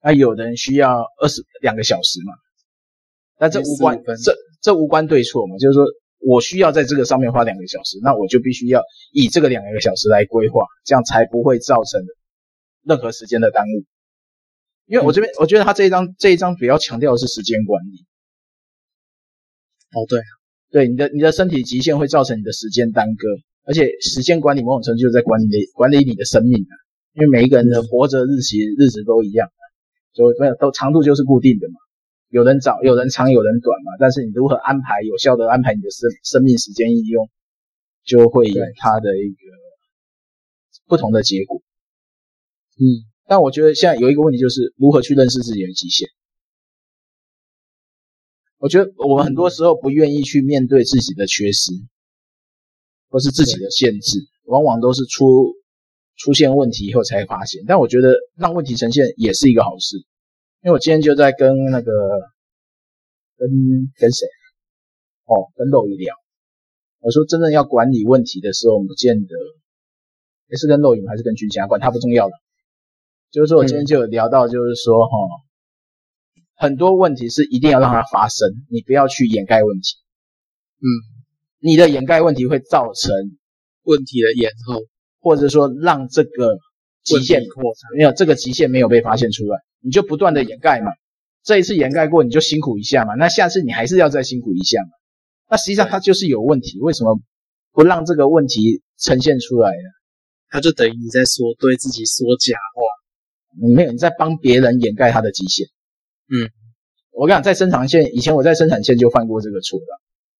那有的人需要二十兩個小時嘛？那這無關，這這無關對錯嘛？就是說我需要在這個上面花兩個小時，那我就必須要以這個兩個小時來規劃，這樣才不會造成任何時間的耽誤。因為我這邊、嗯、我覺得他這一章這一章比較強調的是時間管理。哦對啊、對，對你的你的身體極限會造成你的時間耽擱，而且時間管理某種程度就是在管理管理你的生命啊，因為每一個人的活着日期日子都一樣啊，所以沒有都長度就是固定的嘛，有人早有人長有人短嘛，但是你如何安排有效地安排你的生生命時間應用，就會有它的一個不同的結果。對嗯，但我覺得現在有一個問題就是如何去認識自己的極限。我覺得我們很多時候不願意去面對自己的缺失，或是自己的限制，對往往都是出出現問題以後才發現。但我覺得讓問題呈現也是一個好事，因為我今天就在跟那個跟跟誰哦，跟露一聊，我說真正要管理問題的時候，我們不見得是跟露一，還是跟君家管他不重要了。就是說我今天就有聊到，就是說哈。嗯哦很多問題是一定要讓它發生，你不要去掩蓋問題。嗯，你的掩蓋問題會造成問題的延後，或者說讓這個極限擴張。問題。沒有這個極限沒有被發現出來，你就不斷的掩蓋嘛。嗯、這一次掩蓋過你就辛苦一下嘛，那下次你還是要再辛苦一下嘛。那實際上它就是有問題，為什麼不讓這個問題呈現出來呢？它就等於你在說對自己說假話，你沒有你在幫別人掩蓋他的極限。嗯，我跟你講，在生產線以前我在生產線就犯過這個錯的，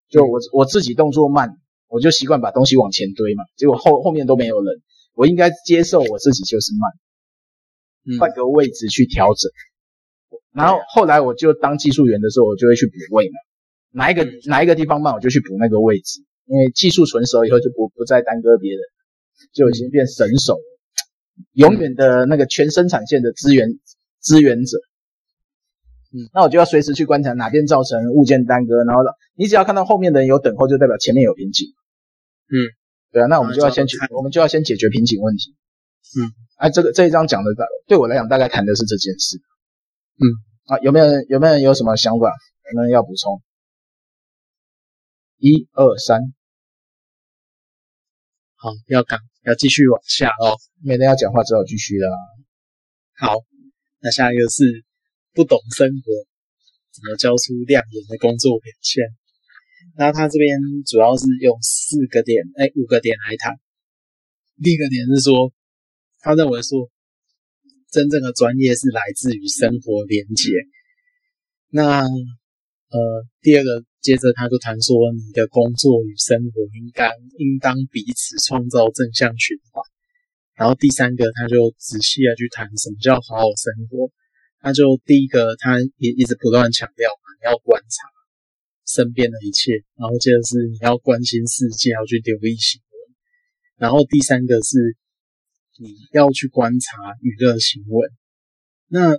就我我自己動作慢，我就習慣把東西往前堆嘛，結果後後面都沒有人，我應該接受我自己就是慢，換、嗯、個位置去調整。然後後來我就當技術員的時候，我就會去補位嘛，哪一個、嗯、哪一個地方慢，我就去補那個位置，因為技術成熟以後就不不再耽擱別人，就已經變神手，永遠的那個全生產線的支援支援者。嗯，那我就要隨時去觀察哪邊造成物件耽擱，然後你只要看到後面的人有等候，就代表前面有瓶頸。嗯，對啊，那我們就要先去，嗯、我,我們就要先解決瓶頸問題。嗯，啊，這個這一章講的，對我來講大概談的是這件事。嗯，啊，有沒有人有沒有人有什麼想法？有,沒有人要補充？一二三，好，要講要繼續往下哦。沒人要講話，只好繼續啦、啊。好，那下一個是。不懂生活，怎麼交出亮眼的工作表現？那他這邊主要是用四個點，哎，五個點來談。第一個點是說，他認為說，真正的專業是來自於生活連接。那呃，第二個，接着他就談說，你的工作與生活應該應當彼此創造正向循環。然後第三個，他就仔細的去談什麼叫好好生活。他就第一個，他也一直不斷強調嘛，你要觀察身邊的一切，然後接着是你要關心世界，要去留意新聞，然後第三個是你要去觀察娛樂新聞。那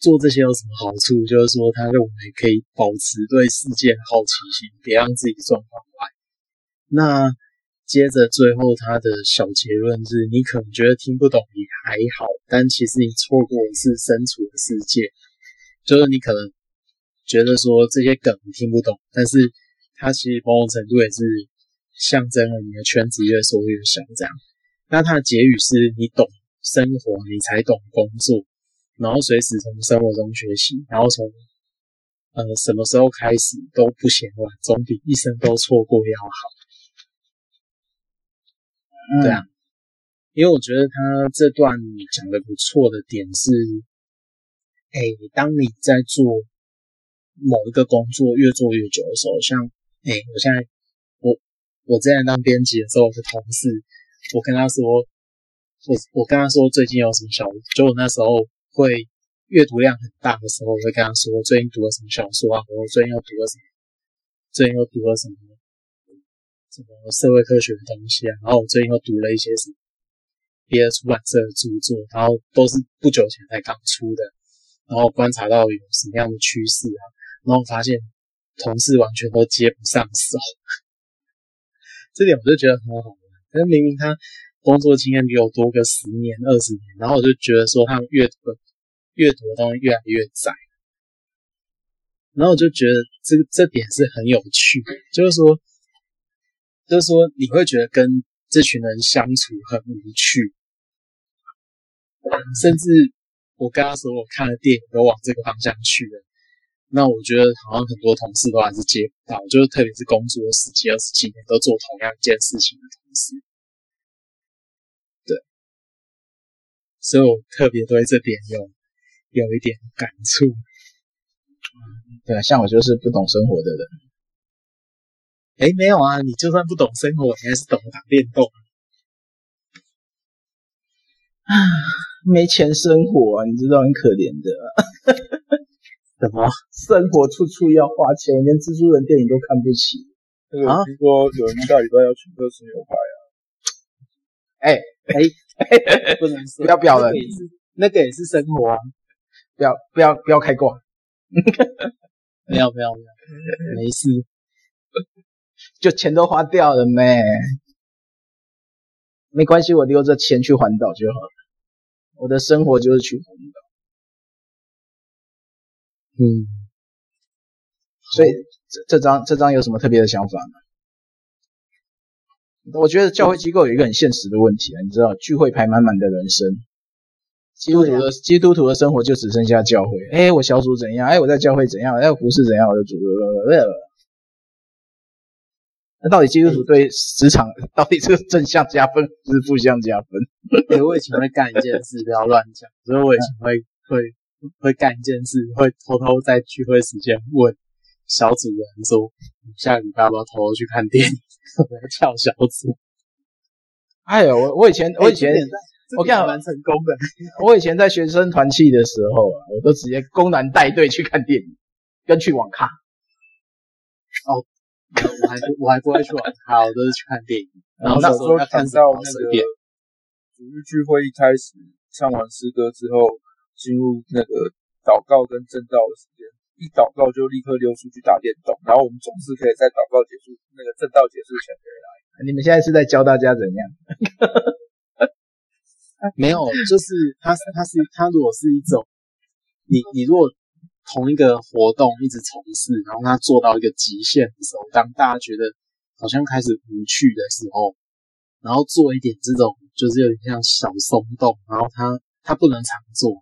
做這些有什麼好處？就是說，他認為可以保持對世界的好奇心，別讓自己狀況外。那接着最後他的小結論是：你可能覺得聽不懂也還好，但其實你錯過的是身處的世界。就是你可能覺得說，這些梗你聽不懂，但是它其實某種程度也是象徵了你的圈子越縮越小。這樣，那它的結語是你懂生活，你才懂工作，然後隨時從生活中學習，然後從呃什麼時候開始都不嫌晚，總比一生都錯過要好。嗯、對啊，因為我覺得他這段講的不錯的點是，哎，當你在做某一個工作越做越久的時候，像哎，我現在我我之前當編輯的時候，我是同事，我跟他說，我我跟他說最近有什麼小，就我那時候會閱讀量很大的時候，我會跟他說最近讀了什麼小說啊，我最近又讀了什麼，最近又讀了什麼。什麼社會科學的東西啊？然後我最近又讀了一些什麼別的出版社的著作，然後都是不久前才剛出的，然後觀察到有什麼樣的趨勢啊，然後發現同事完全都接不上手，這點我就覺得很好玩。可是明明他工作經驗比我多個十年、二十年，然後我就覺得說他們閱讀的閱讀的東西越來越窄，然後我就覺得這個這點是很有趣，就是說。就是說，你會覺得跟這群人相處很無趣、嗯，甚至我跟他說，我看的電影都往這個方向去了，那我覺得好像很多同事都還是接不到，就是特別是工作十幾、二十幾年都做同樣一件事情的同事，對。所以我特別對這點有有一點感觸、嗯。對，像我就是不懂生活的人。哎，沒有啊！你就算不懂生活，你還是懂得打電動啊！沒錢生活、啊，你知道很可憐的、啊。怎 麼？生活處處要花錢，連蜘蛛人電影都看不起。啊，聽說啊有人大禮拜要請客吃牛排啊！哎哎，不能說，不要表了。那個也是生活啊！不要不要不要開掛。 沒有沒有沒有，沒事。 就錢都花掉了咩？沒關係，我留着錢去環島就好了。我的生活就是去環島。嗯，所以、嗯、這這張這張有什麼特別的想法嗎？我覺得教會機構有一個很現實的問題，你知道聚會排滿滿的人生，基督徒的基督徒的生活就只剩下教會。啊、哎，我小組怎樣？哎，我在教會怎樣？我在服事怎樣？我的主樂樂。那到底基督徒對職場到底是正向加分還是負向加分？哎？我以前會幹一件事， 不要亂講。所以我以前會會會幹一件事，會偷偷在聚會時間問小組人說：下個禮拜要不要偷偷去看電影？我要跳小組。哎呦，我我以前我以前，哎，在我看還，還蠻成功的。我以前在學生團契的時候啊，我都直接公然帶隊去看電影，跟去網咖。哦。 我還是我還不會去玩，好，的去看電影。嗯、然後那時候看 到那個，點。主日聚會一開始唱完詩歌之後，進入那個禱告跟證道的時間，一禱告就立刻溜出去打電動。然後我們總是可以在禱告結束、那個證道結束前回來。 你們現在是在教大家怎樣？沒有，就是他，是他是他，如果是一種，你你如果。同一個活動一直從事，然後他做到一個極限的時候，當大家覺得好像開始無趣的時候，然後做一點這種，就是有點像小鬆動，然後他他不能常做，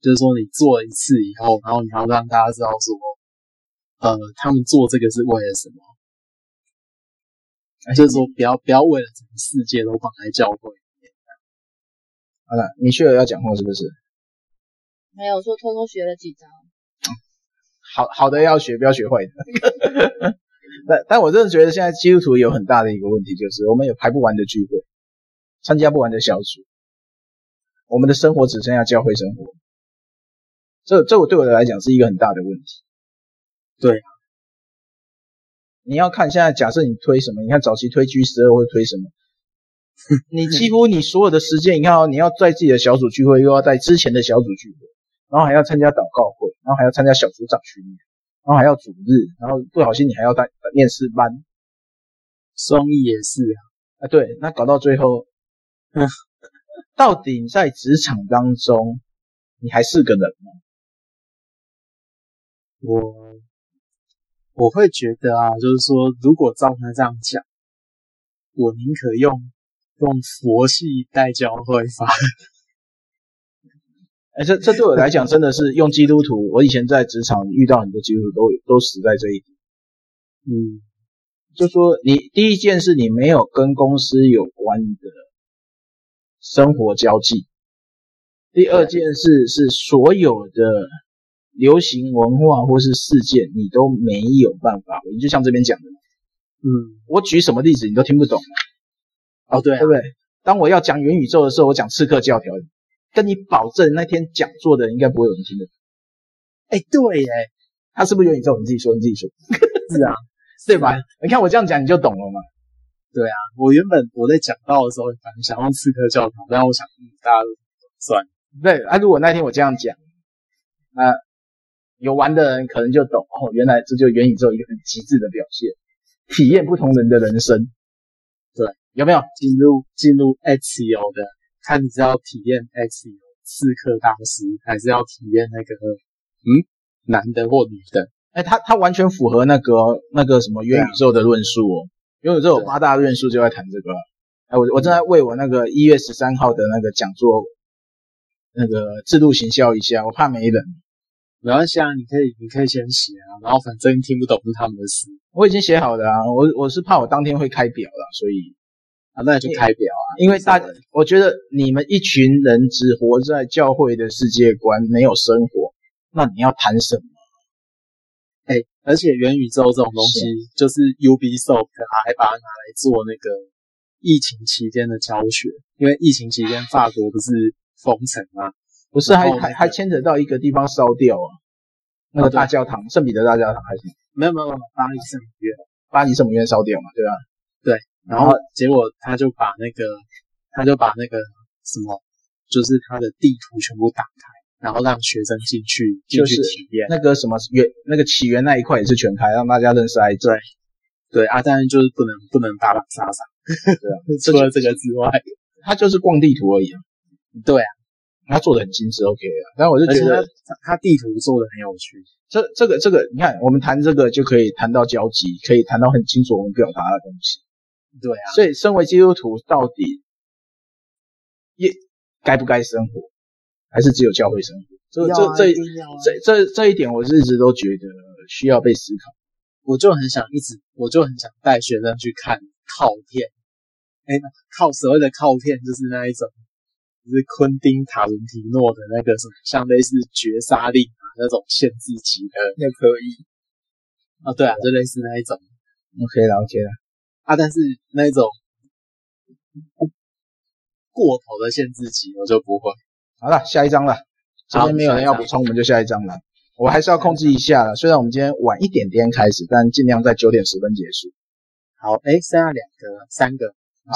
就是說你做一次以後，然後你要讓大家知道說，呃，他們做這個是為了什麼，而且說不要不要為了什麼世界都放在教會裡面。好的，你去了要講話是不是？沒有，我說偷偷學了幾招。好好的要學，不要學壞的。 但但我真的覺得現在基督徒有很大的一個問題，就是我們有排不完的聚會，參加不完的小組，我們的生活只剩下教會生活。這這對我對我的來講是一個很大的問題。對，對你要看現在，假設你推什麼，你看早期推 G12 或者推什麼， 你幾乎你所有的時間，你看哦，你要在自己的小組聚會，又要在之前的小組聚會。然後還要參加禱告會，然後還要參加小組長訓練，然後還要主日，然後不小心你還要帶面試班，松意也是啊，啊，對，那搞到最後，呵呵，到底你在職場當中，你還是個人嗎？我我會覺得啊，就是說，如果照他這樣講，我寧可用用佛系帶教會法。哎，這這對我來講真的是用基督徒。我以前在職場遇到很多基督徒都，都都死在這一點。嗯，就說你第一件事，你沒有跟公司有關的生活交際；第二件事是，是所有的流行文化或是事件，你都沒有辦法。你就像這邊講的，嗯，我舉什麼例子你都聽不懂。哦，對、啊，對不對？當我要講元宇宙的時候，我講刺客教條。跟你保證，那天講座的人應該不會有人聽得懂。哎，對哎，他是不是元宇宙？你自己說，你自己說， 是啊，對吧？你看我這樣講，你就懂了嘛。對啊，我原本我在講到的時候，想用刺客教堂，然後我想大家都懂算。對，啊如果那天我這樣講，那有玩的人可能就懂哦，原來這就是元宇宙一個很極致的表現，體驗不同人的人生。對，有沒有進入進入 H O 的？看你是要體驗《X 遊刺客大師》，還是要體驗那個……嗯，男的或女的？哎、嗯，他他、欸、完全符合那個那個什麼元宇宙的論述哦。元宇宙、嗯、有八大論述就在談這個。哎對、欸，我我正在為我那個一月十三號的那個講座那個制度行銷一下，我怕沒人。沒關係啊，你可以你可以先寫啊，然後反正聽不懂是他們的事。我已經寫好的啊，我我是怕我當天會開表了，所以。啊，那就開表啊！欸、因為大，我覺得你們一群人只活在教會的世界觀，沒有生活，那你要談什麼？哎、欸，而且元宇宙這種東西、嗯，就是 Ubisoft 啊還把它拿來做那個疫情期間的教學，因為疫情期間法國不是封城嗎、啊？不是還還還牽扯到一個地方燒掉啊？那個大教堂，聖對彼得大教堂還是沒有沒有沒有，巴黎聖母院，巴黎聖母院燒掉嘛？對吧、啊？對。然後結果他就把那個，他就把那個什麼，就是他的地圖全部打開，然後讓學生進去進去體驗那個什麼原那個起源那一塊也是全開，讓大家認識阿戰。對，阿戰、啊、就是不能不能打打殺殺。對啊， 除了這個之外，他就是逛地圖而已啊。對啊，他做的很精緻，OK 啊。但我就覺得且他，他地圖做的很有趣。這這個這個，你看，我們談這個就可以談到交集，可以談到很清楚我們表達的東西。對啊，所以身為基督徒，到底也該不該生活，還是只有教會生活？就這、啊啊、這這這這這一點，我是一直都覺得需要被思考。我就很想一直，我就很想帶學生去看靠片，哎、欸，靠所謂的靠片，就是那一種，就是昆汀塔倫提諾的那個什麼，像類似絕殺令啊那種限制級的，那可以啊、哦，對啊，就類似那一種、嗯、，OK 了，ok 了。啊，但是那種過頭的限制級我就不會。好了，下一章了。這邊好沒有人要補充，我們就下一章了。我還是要控制一下了。雖然我們今天晚一點點開始，但儘量在九點十分結束。好，哎、欸，剩下兩個、三個、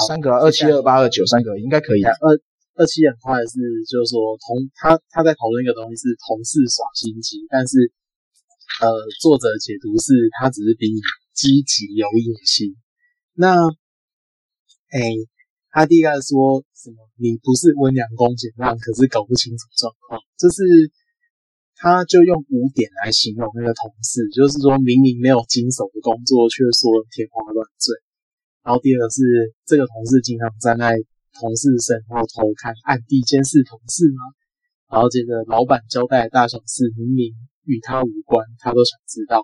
三個，二七、二八、二九，三個應該可以二。二二七很快的是，就是說同他他在討論一個東西是同事耍心機，但是呃作者解讀是他只是比你積極有野心。那，哎、欸，他第一個說什麼？你不是溫良恭儉讓，可是搞不清楚狀況。就是，他就用五點來形容那個同事，就是說明明沒有經手的工作，卻說天花亂墜。然後第二個是這個同事經常站在同事身後偷看，暗地監視同事嗎？然後接着老板交代的大小事，明明與他無關，他都想知道。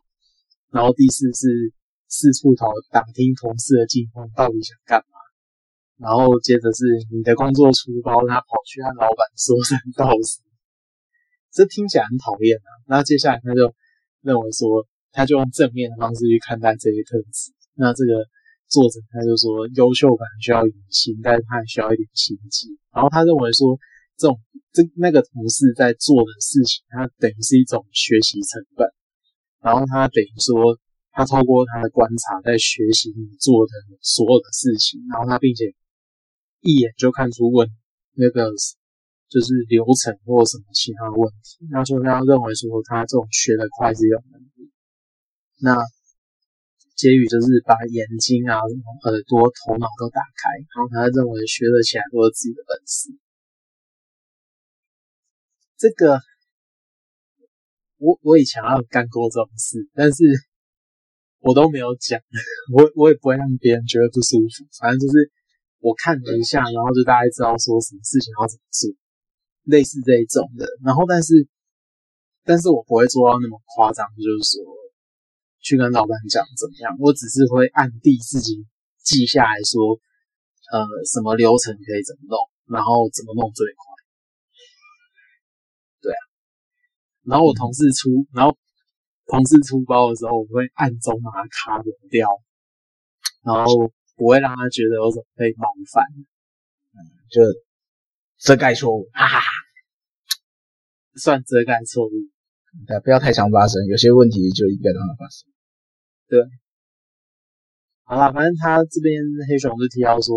然後第四是。四處討打聽同事的近況，到底想幹嘛？然後接着是你的工作出包，他跑去和老板說三道四。這聽起來很討厭啊。那接下來他就認為說，他就用正面的方式去看待這些特質。那這個作者他就說，優秀可能需要野心，但是他還需要一點心機。然後他認為說，這種這那個同事在做的事情，他等於是一種學習成本。然後他等於說。他透過他的觀察，在學習你做的所有的事情，然後他並且一眼就看出問那個就是流程或什麼其他的問題，他說他認為說他這種學的快是有能力，那結語就是把眼睛啊、耳朵、頭腦都打開，然後他認為學的起來都是自己的本事。這個我我以前也幹過這種事，但是。我都沒有講，我我也不會讓別人覺得不舒服。反正就是我看了一下，然後就大概知道說什麼事情要怎麼做，類似這一種的。然後，但是但是我不會做到那麼誇張，就是說去跟老闆講怎麼樣。我只是會暗地自己記下來說，呃，什麼流程可以怎麼弄，然後怎麼弄最快。對啊，然後我同事出，嗯、然後。同事出包的時候，我會暗中把他卡抹掉，然後不會讓他覺得有種被冒犯，嗯，就遮蓋錯誤，哈哈哈。算遮蓋錯誤，對，不要太常發生。有些問題就應該讓它發生。對，好啦，反正他這邊黑熊就提到說，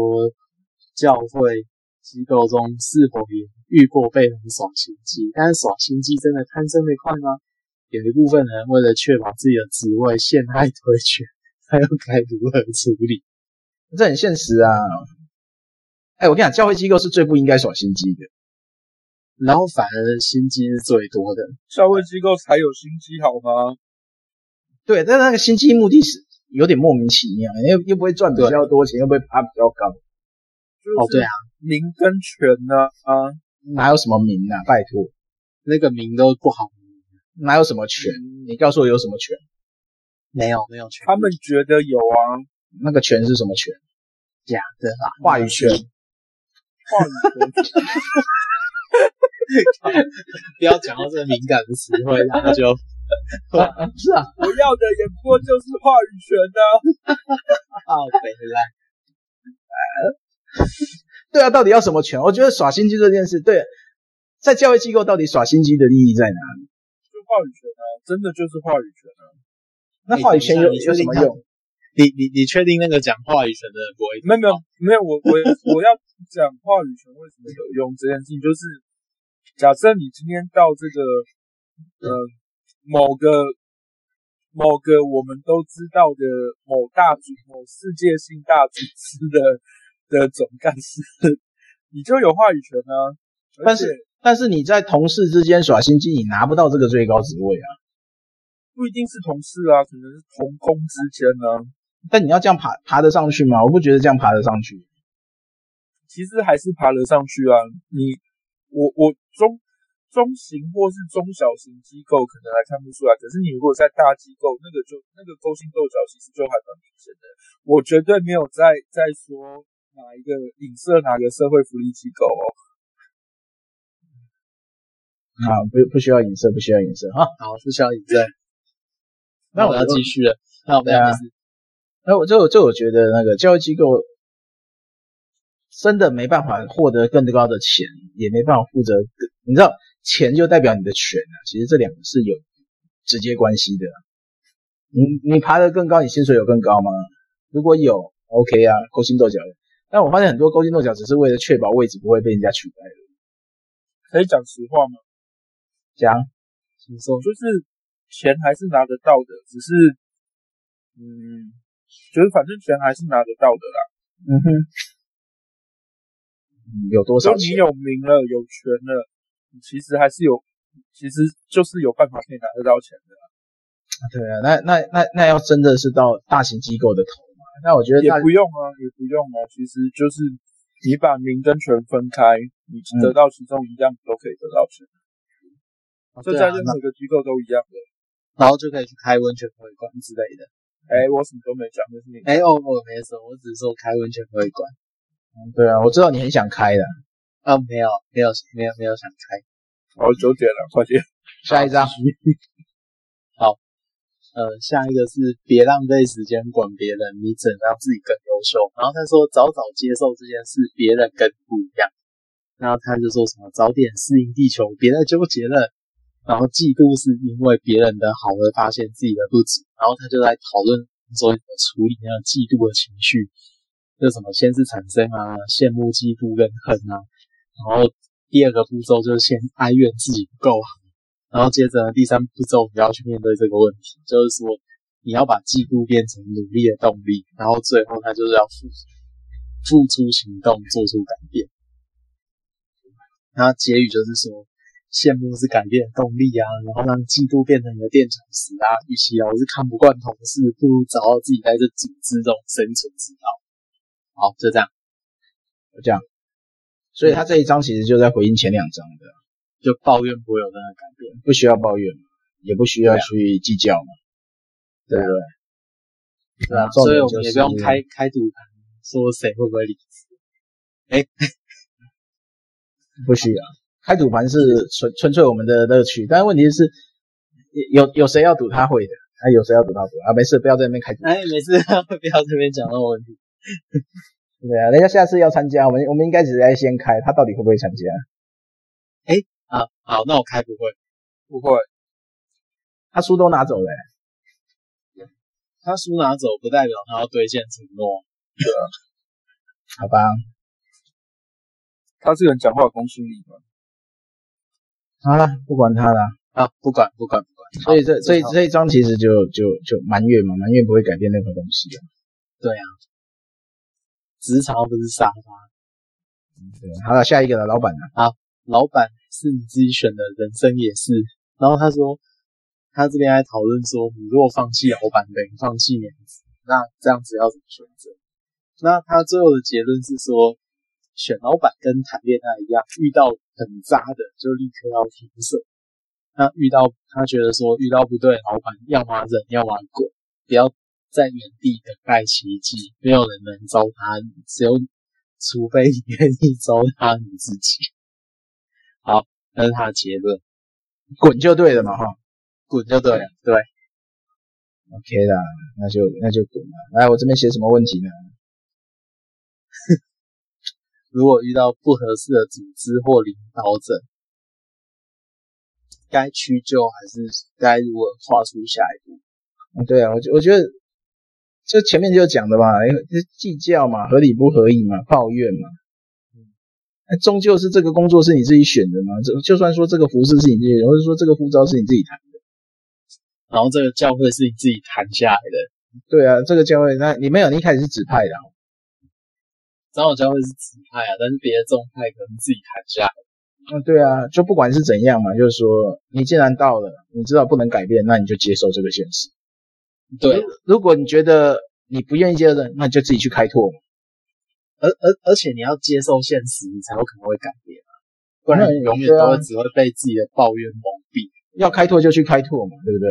教會機構中是否也遇過被人耍心機？但是耍心機真的升得快嗎？有一部分人為了確保自己的職位，陷害推舉，他又該如何處理？這很現實啊！哎、欸，我跟你講，教會機構是最不應該耍心機的，然後反而心機是最多的。教會機構才有心機好嗎？對，但那個心機目的是有點莫名其妙，又又不會賺比較多錢，對又不會爬比較高。就是、哦，對啊，名跟權呢？啊，嗯、哪有什麼名啊？拜托，那個名都不好。哪有什麼權？嗯、你告訴我有什麼權？沒有，沒有權。他們覺得有啊。那個權是什麼權？假的、啊、話語權。話語權。 不要講到這個敏感的詞彙，啊、那就。是啊，我要的也不過就是話語權啊。好，回來。對啊，到底要什麼權？我覺得耍心機這件事，對，在教育機構到底耍心機的意義在哪裡？話語權啊，真的就是話語權啊。那話語權有有什麼用？你你你確定，那個講話語權的不會？沒有沒有沒有，我我我要講話語權為什麼有用這件事情，就是假設你今天到這個呃某個某個我們都知道的某大組某世界性大組織的的總幹事，你就有話語權啊。而且但是。但是你在同事之間耍心機，你拿不到這個最高職位啊。不一定是同事啊，可能是同工之間呢、啊。但你要這樣爬爬得上去嗎？我不覺得這樣爬得上去。其實還是爬得上去啊。你、我、我中中型或是中小型機構可能還看不出來，可是你如果在大機構，那個就那個勾心鬥角，其實就還蠻明顯的。我絕對沒有在在說哪一個影射哪個社會福利機構哦。啊，不不需要顏色，不需要顏色，哈。好，不需要隱私。好那我要繼續了。啊、那我們、啊、我就續，那我這這，就我覺得那個教育機構真的沒辦法獲得更高的錢，也沒辦法負責。你知道，錢就代表你的權啊。其實這兩個是有直接關係的、啊。你你爬得更高，你薪水有更高嗎？如果有，OK 啊，勾心鬥角。但我發現很多勾心鬥角只是為了確保位置不會被人家取代。可以講實話嗎？講，請說，就是錢還是拿得到的，只是，嗯，就是反正錢還是拿得到的啦。嗯哼，有多少錢？你有名了，有權了，你其實還是有，其實就是有辦法可以拿得到錢的啦。啊，對啊，那那那那要真的是到大型機構的頭嘛？那我覺得也不用啊，也不用啊。其實就是你把名跟權分開，你得到其中一樣都可以得到錢。嗯就在任何每個機構都一樣的，然後就可以去開溫泉會館之類的。哎、欸，我什麼都沒講，就是你。哎、欸，哦，我沒什麼，我只是說開溫泉會館、嗯。對啊，我知道你很想開的。啊，沒有，沒有，沒有，沒有想開。好，糾結了，快點。下一張。好， 好，呃，下一個是別浪費時間管別人，你只能讓自己更優秀。然後他說早早接受這件事，別人更不一樣。然後他就說什麼早點適應地球，別再糾結了。然後嫉妒，是因為別人的好而發現自己的不足，然後他就在討論說怎麼處理那種嫉妒的情緒。就什麼先是產生啊，羨慕、嫉妒跟恨啊，然後第二個步驟就是先哀怨自己不夠好，然後接着呢，第三步驟你要去面對這個問題，就是說你要把嫉妒變成努力的動力，然後最後他就是要付付出行動，做出改變。那結語就是說。羨慕是改變動力啊，然後讓嫉妒變成一個墊腳石啊，與其老是看不慣同事，不如找到自己在這組織中生存之道。好，就這樣，就這樣。所以他這一章其實就在回應前兩章的，嗯、就抱怨不會有任何改變，不需要抱怨，也不需要去計較嘛，對，啊、對不對？對啊，就是，所以我們也不用開開賭盤說誰會不會離。哎，欸， 不需要。開賭盤是純純粹我們的樂趣，但問題是有，有有誰要賭他會的？啊、哎，有誰要賭他賭啊？沒事，不要在那邊開賭。哎，沒事、啊，不要在那邊講那個問題。 對啊，人家下次要參加，我們我們應該只是先開，他到底會不會參加？誒好、欸啊、好，那我開不會，不會。他書都拿走了、欸，他書拿走不代表他要兌現承諾。對啊有， 好吧，他這個人講話公信力嗎？好啦，不管他了啊，不管不管不管。不管所以這所以，所以這一章其實就就就埋怨嘛，埋怨不會改變任何東西的。對呀、啊，職場不是沙發。對，okay, 好了，下一個了，老板了。好，老板是你自己選的，人生也是。然後他說，他這邊還討論說，你如果放棄老板，對，你放棄面子，那這樣子要怎麼選擇？那他最後的結論是說。選老闆跟談戀愛一樣，遇到很渣的就立刻要停止。那遇到他覺得說，遇到不對的老闆，要麼忍，要麼滾，不要在原地等待奇蹟。沒有人能糟蹋你，只有除非你願意糟蹋你自己。好，那是他的結論，滾就對了嘛，哈，滾就對了，對，OK 啦，那就那就滾吧。來，我這邊寫什麼問題呢？如果遇到不合適的組織或領導者，該屈就還是該如何跨出下一步？嗯、對啊，我我覺得就前面就講的吧，因為計較嘛，合理不合理嘛，抱怨嘛，嗯，終究是這個工作是你自己選的嘛？就就算說這個服事是你自己選，或者說這個呼召是你自己談的，然後這個教會是你自己談下來的。對啊，這個教會那你沒有，你一開始是指派的、啊。張老將會是姿態啊，但是別的狀態可能自己談下嗯，對啊，就不管是怎樣嘛，就是說你既然到了，你知道不能改變，那你就接受這個現實。對、啊對啊，如果你覺得你不願意接受的，那你就自己去開拓嘛。而而而且你要接受現實，你才有可能會改變嘛。不然，嗯啊，永遠都只會被自己的抱怨蒙蔽。啊，要開拓就去開拓嘛，對不對？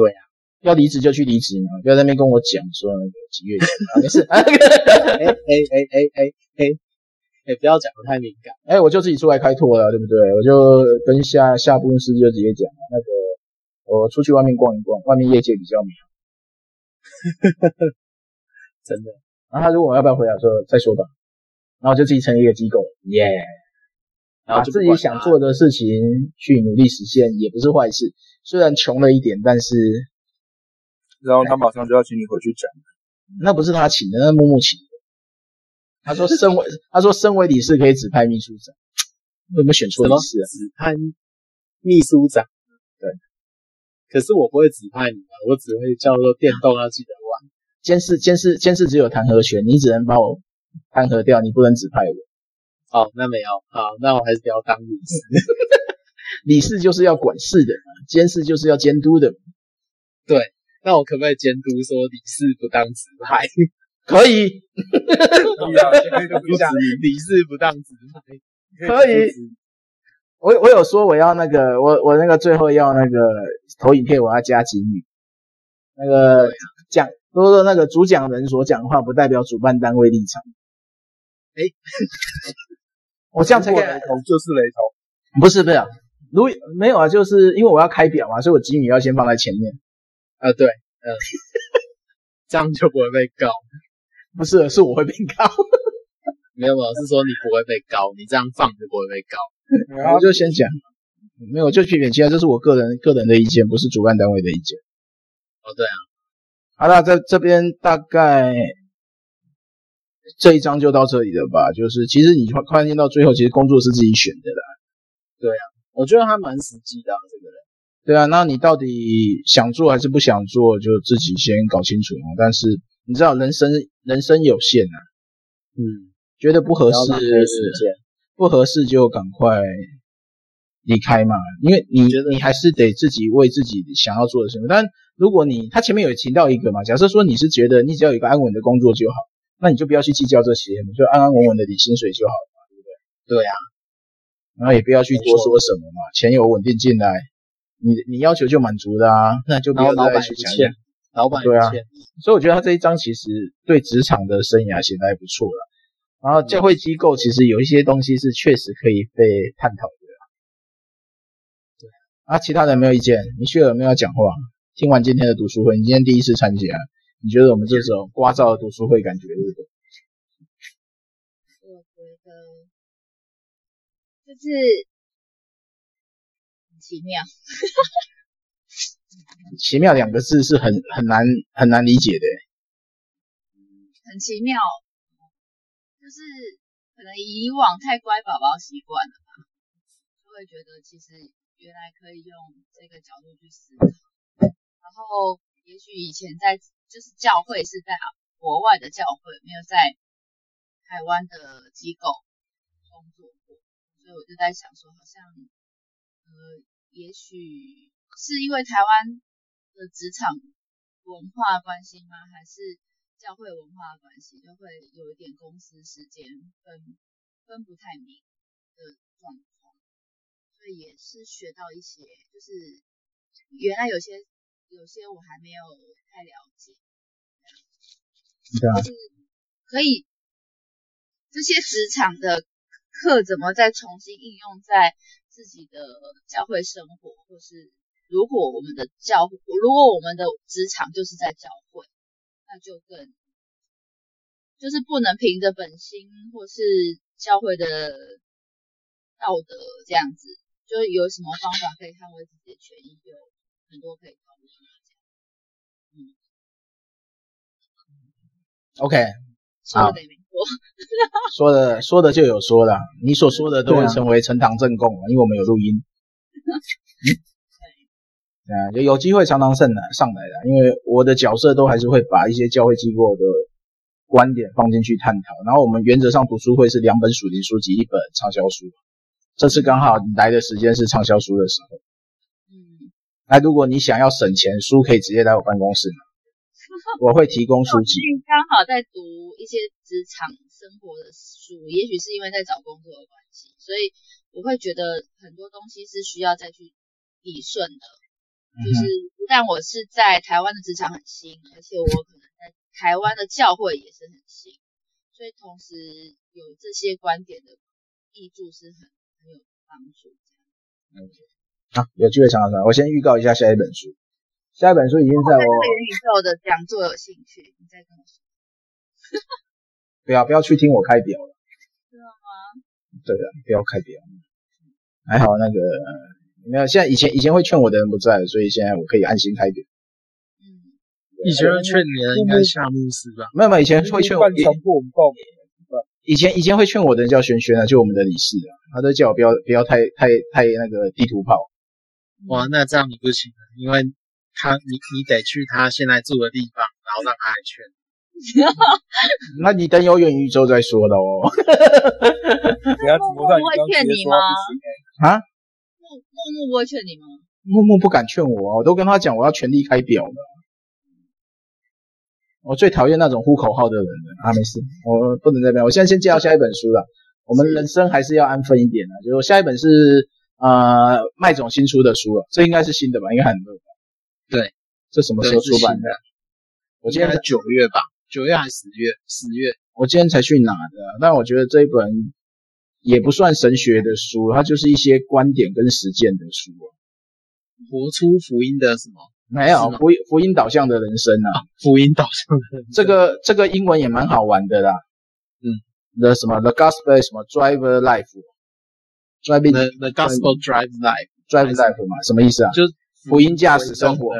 對呀、啊。要離職就去離職嘛，不要在那邊跟我講說幾月幾啊，沒事。哎哎哎哎哎哎，不要講得太敏感。哎、欸，我就自己出來開拓了，對不對？我就跟下下部分司機就直接講了，那個我出去外面逛一逛，外面業界比較呵 真的。然後他如果我要不要回來說再說吧，然後就自己成立一個機構，耶 Yeah。啊、然後自己想做的事情去努力實現，也不是壞事。雖然窮了一點，但是。然後他馬上就要請你回去轉、嗯，那不是他請的，那木木請的。他說身為 他說身為理事可以指派秘書長，為什麼選錯理事啊？指派秘書長、嗯，對。可是我不會指派你啊，我只會叫做電動、嗯，要記得玩。監事監事監事只有彈劾權，你只能把我彈劾掉，你不能指派我。哦，那沒有，好，哦，那我還是不要當理事。 理事就是要管事的嘛，監事就是要監督的嘛。對。那我可不可以監督說理事不當之害？ 可以。不理事不當之害，可以。 我我有說我要那個，我我那個最後要那個投影片，我要加吉米。那個講，多多那個主講人所講的話，不代表主辦單位立場。哎、欸， 我這樣成雷同就是雷同，不是 不是，不如沒有啊，就是因為我要開表嘛，所以我吉米要先放在前面。呃、啊，對，嗯、呃， 這樣就不會被告，不是，是我會被告， 沒有，沒有，是說你不會被告，你這樣放就不會被告。 好，我就先講，沒有，就批評其他，這是我個人個人的意見，不是主辦單位的意見。哦，對啊，好，那在這邊大概這一章就到這裡了吧？就是其實你快鍵到最後，其實工作是自己選的啦。對啊，我覺得他蠻實際的。對啊，那你到底想做還是不想做，就自己先搞清楚嘛。但是你知道人生人生有限啊，嗯，覺得不合適，不合適就趕快離開嘛。因為你，你覺得你，你還是得自己為自己想要做的事情。嗯，但如果你他前面有提到一個嘛，假設說你是覺得你只要有一個安穩的工作就好，那你就不要去計較這些，你就安安穩穩的領薪水就好了嘛，對不對？對啊，然後也不要去多說什麼嘛，錢錯有穩定進來。你你要求就滿足的啊，那就沒老闆，去欠老闆。對啊，所以我覺得他這一章其實對職場的生涯寫的還不錯了。然後教會機構其實有一些東西是確實可以被探討的。對、嗯，那、啊、其他人沒有意見？尼切爾沒有講話？嗯、聽完今天的讀書會，你今天第一次參加，你覺得我們這種聒噪的讀書會感覺如何？我覺得這次。就是奇妙、 嗯，奇妙兩個字是很很難很難理解的、嗯。很奇妙，就是可能以往太乖寶寶習慣了吧，就會覺得其實原來可以用這個角度去思考。然後也許以前在就是教會是在國外的教會，沒有在台灣的機構工作過，所以我就在想說，好像呃。嗯也許是因為台灣的職場文化關係嗎？還是教會文化關係，就會有一點公司時間分分不太明的狀況，所以也是學到一些，就是原來有些有些我還沒有太了解，是啊。就是可以這些職場的課怎麼再重新應用在。自己的教會生活，或是如果我們的教，如果我們的職場就是在教會，那就更就是不能憑着本心，或是教會的道德這樣子，就有什麼方法可以捍衛自己的權益，有很多可以考慮。大 OK 好。 說的說的就有說的，你所說的都會成為呈堂證供了，對因為我們有錄音。嗯 對，啊，也有機會常常上來上來的，因為我的角色都還是會把一些教會機構的觀點放進去探討。然後我們原則上讀書會是兩本屬靈書籍一本暢銷書，這次剛好你來的時間是暢銷書的時候。嗯，那如果你想要省錢，書可以直接來我辦公室我會提供書籍，我剛好在讀一些職場生活的書，也許是因為在找工作的關係，所以我會覺得很多東西是需要再去理順的。嗯、哼就是不但我是在台灣的職場很新，而且我可能在台灣的教會也是很新， 所以同時有這些觀點的挹注是很很有幫助這樣。好、嗯嗯啊，有機會嘗嘗我先預告一下下一本書。下一本書已經在我。對，對，對。的講座有興趣，你再跟我不要，不要去聽我開表了。真的嗎？對啊，不要開表。還好那個沒有，現在以前以前會勸我的人不在，所以現在我可以安心開表。嗯。以前會勸你，的應該是夏木斯吧？沒有，沒有，以前會勸我。以前以前會勸我的人叫軒軒啊，就我們的理事啊，他都叫我不要不要太太太那個地圖炮、啊。哇，那這樣你不行、啊，因為。他，你你得去他現在住的地方，然後讓他來勸。 那你等有遠遇之後再說的哦。我不會勸你嗎？啊？默默木不會勸你嗎？默默不敢勸我、啊，我都跟他講我要全力開表了。我最討厭那種呼口號的人了啊！沒事，我不能再表。我現在先介紹下一本書了。我們人生還是要安分一點的、啊，就是、我下一本是啊、呃、麥總新出的書了，這應該是新的吧？應該很樂觀。對，這什麼時候出版的？我記得是九月吧，九月還是十月？十月，我今天才去拿的。但我覺得這一本也不算神學的書，它就是一些觀點跟實踐的書。活出福音的什麼？沒有，福音、福音導向的人生啊，福音導向的人生。這個這個英文也蠻好玩的啦。嗯，The 什麼 The Gospel 什麼 Driver Life，Drive Life，The Gospel Drive Life，Drive Life 嘛？什麼意思啊？就。福音駕駛生活，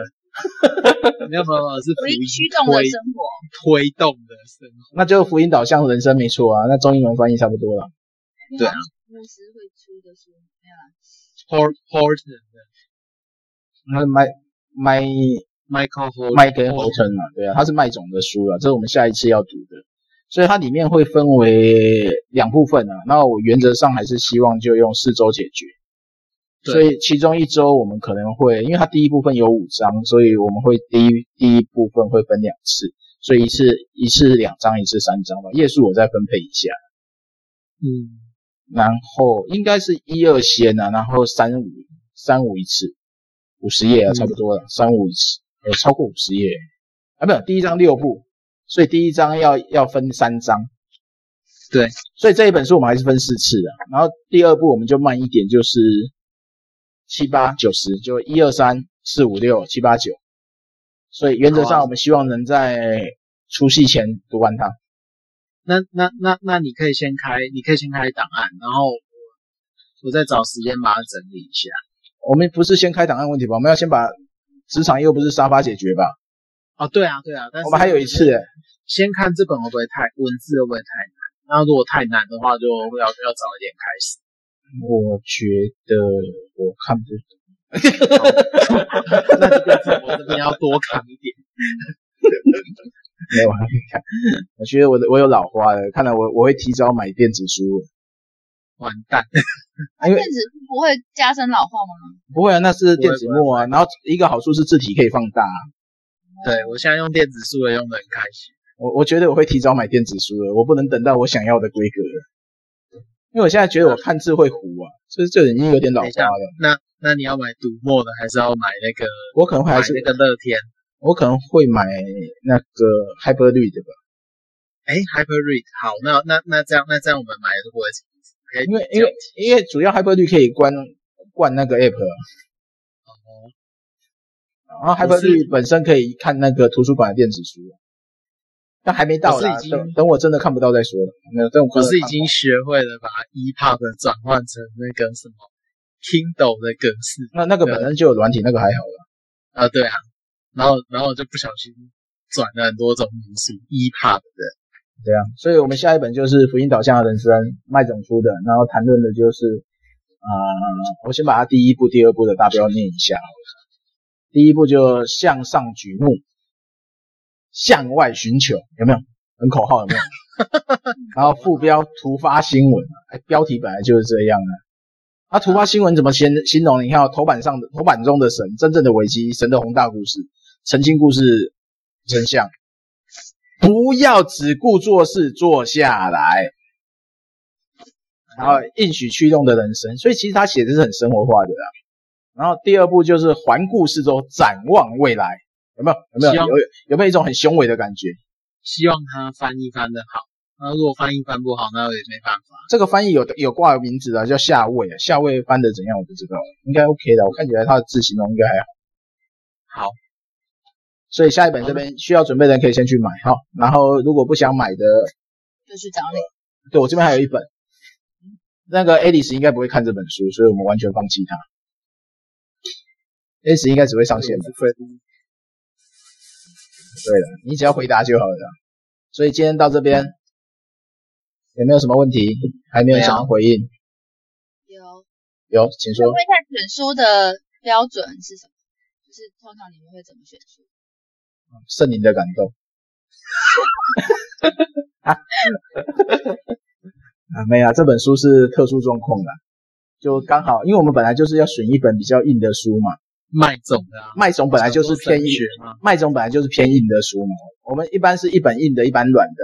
沒有沒有，是福音驅動的生活，推動的生活，那就是福音導向人生沒錯啊，那中英文翻譯差不多了。嗯、對啊，那時會出的書，對 o r t o r t e r 麥麥麥克，麥克霍頓嘛，對啊，他是麥種的書了，啊，這是我們下一次要讀的，所以它裡面會分為兩部分啊，那我原則上還是希望就用四週解決。對 所以其中一周我們可能會，因為它第一部分有五章，所以我們會第一第一部分會分兩次，所以一次一次兩章，一次三章吧。頁數我再分配一下，嗯，然後應該是一二先啊，然後三五三五一次，五十頁啊，嗯、差不多了，三五一次，呃、欸，超過五十頁啊，沒有，第一章六步，所以第一章要要分三章，對，所以這一本書我們還是分四次的，然後第二部我們就慢一點，就是。七八九十就一二三四五六七八九，所以原則上我們希望能在出戲前讀完它。啊、那那那那你可以先開，你可以先開檔案，然後我我再找時間把它整理一下。我們不是先開檔案問題吧？我們要先把職場又不是沙發解決吧？哦，對啊對啊，但是我們還有一次誒，先看這本會不會太文字會不會太難？那如果太難的話，就要要早一點開始。我覺得我看不懂，那這個我這邊要多看一點。沒有，我還可以看。我覺得我，我有老花了，看來我我會提早買電子書。完蛋，因為電子書不會加深老化嗎？ 不會啊，那是電子墨啊。不會不會然後一個好處是字體可以放大。對，我現在用電子書了，用得很開心。我我覺得我會提早買電子書了，我不能等到我想要的規格。因為我現在覺得我看字會糊啊，那所以這點已經有點老花了。那那你要買讀墨的，還是要買那個？我可能會還是那個樂天，我可能會買那個 HyperRead 吧。哎，HyperRead，好，那那那這樣，那這樣我們買都不會出問題，OK？因為因為因為主要 HyperRead 可以關關那個 App，哦，嗯，然後 HyperRead 本身可以看那個圖書館的電子書。但還沒到，啊，是已經等我真的看不到再說了。沒有這種，我可是已經學會了把 EPUB 轉換成那個什麼 Kindle 的格式。那那個本身就有軟體，對那個還好啦。啊，對啊。然後，然後我就不小心轉了很多種格式 EPUB 的。對啊，所以我們下一本就是《福音導向的人生》，麥總出的，然後談論的就是啊、呃，我先把它第一步，第二步的大標念一下。的第一步就向上舉目。向外尋求有沒有很口號有沒有？有沒有 然後副標突發新聞，哎，標題本來就是這樣啊。啊，突發新聞怎麼形容？你看、哦、頭版上的頭版中的神，真正的危機，神的宏大故事，澄清故事真相。不要只顧做事，坐下來，然後應許驅動的人生。所以其實他寫的是很生活化的、啊。啦。然後第二步就是環顧四周，展望未來。有沒有有沒有有沒有一種很雄偉的感覺？希望他翻譯翻得好。那如果翻譯翻不好，那我也沒辦法。這個翻譯有有掛名字的，叫夏偉。夏偉翻得怎樣，我不知道。應該 OK 的，我看起來他的字形容應該還好。好。所以下一本這邊需要準備的人可以先去買哈。了然後如果不想買的，就去找你。對，我這邊還有一本。那個 Alice 應該不會看這本書，所以我們完全放棄他。Alice 應該只會上線的。對的，你只要回答就好了。所以今天到這邊，有、嗯、沒有什麼問題？還沒有想要回應？有，有，有，請說。看一下選書的標準是什麼？就是通常你們會怎麼選書？聖靈的感動 啊。啊，沒有，這本書是特殊狀況的，就剛好，因為我們本來就是要選一本比較硬的書嘛。麥種的啊，麥種本來就是偏硬，麥種本來就是偏硬的書嘛。我們一般是一本硬的，一本軟的。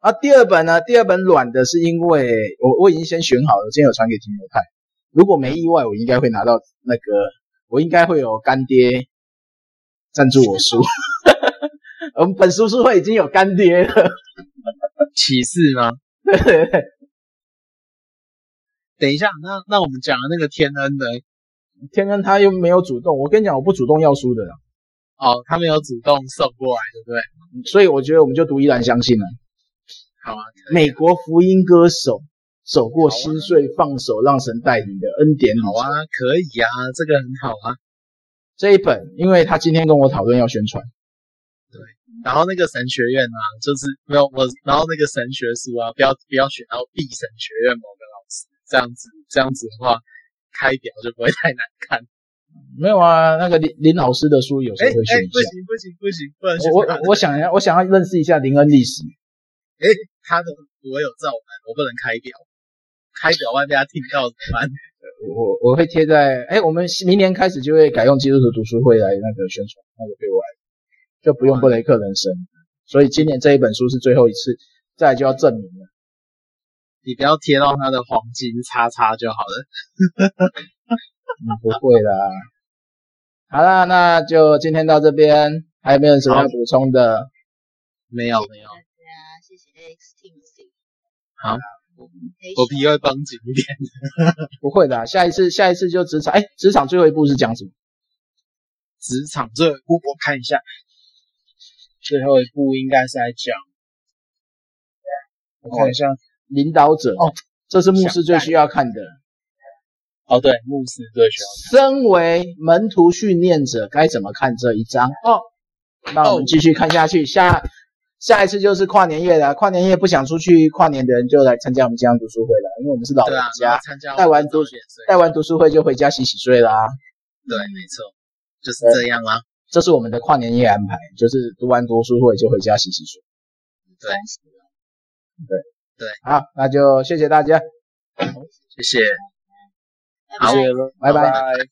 啊，第二本呢？第二本軟的是因為我，我已經先選好了，今天有傳給金牛派。如果沒意外，我應該會拿到那個，我應該會有乾爹贊助我書。 我們本書書會已經有乾爹了，歧視嗎？ 對對對，等一下，那，那我們講的那個天恩的。天恩他又沒有主動，我跟你講，我不主動要書的。哦，他沒有主動送過來，對不對？所以我覺得我們就讀依然相信了。好啊，啊美國福音歌手走過心碎，啊、放手讓神帶領的恩典。好啊，好啊可以啊，這個很好啊。這一本，因為他今天跟我討論要宣傳。對，然後那個神學院啊，就是沒有我，然後那個神學書啊，不要不要選到 B 神學院某個老師，這樣子這樣子的話。開表就不會太難看，嗯、沒有啊，那個林林老師的書有時候會宣一下，欸欸，不行不行不行，不然我我我想要我想要認識一下林恩歷史，誒、欸，他的我有照搬，我不能開表。開表萬一被他聽到怎麼辦？我我會貼在，誒、欸，我們明年開始就會改用基督徒讀書會來那個宣傳那個對外，就不用布、嗯、雷克人生，所以今年這一本書是最後一次，再來就要證明。你不要貼到他的黃金叉叉就好了、 嗯，你不會的。好了，那就今天到這邊，還有沒有什麼要補充的？沒有好沒有。好，我皮要繃緊一點。 不會的，下一次下一次就職場。哎、欸，職場最後一步是講什麼？職場最後一步我看一下，最後一步應該是來講，yeah, okay. 我看一下。領導者哦，這是牧師最需要看的。的哦，對，牧師最需要看。身為門徒訓練者，該怎麼看這一章？哦，那我們繼續看下去。下下一次就是跨年夜了。跨年夜不想出去跨年的人，就來參加我們這樣讀書會了。因為我們是老，老家，啊、參加帶。帶完讀書會，就回家洗洗睡啦、啊。對，沒錯，就是這樣啦、啊，這是我們的跨年夜安排，就是讀完讀書會就回家洗洗睡。對，對。對，好，那就謝謝大家，謝謝，好，謝謝，好，拜拜。拜拜，拜拜。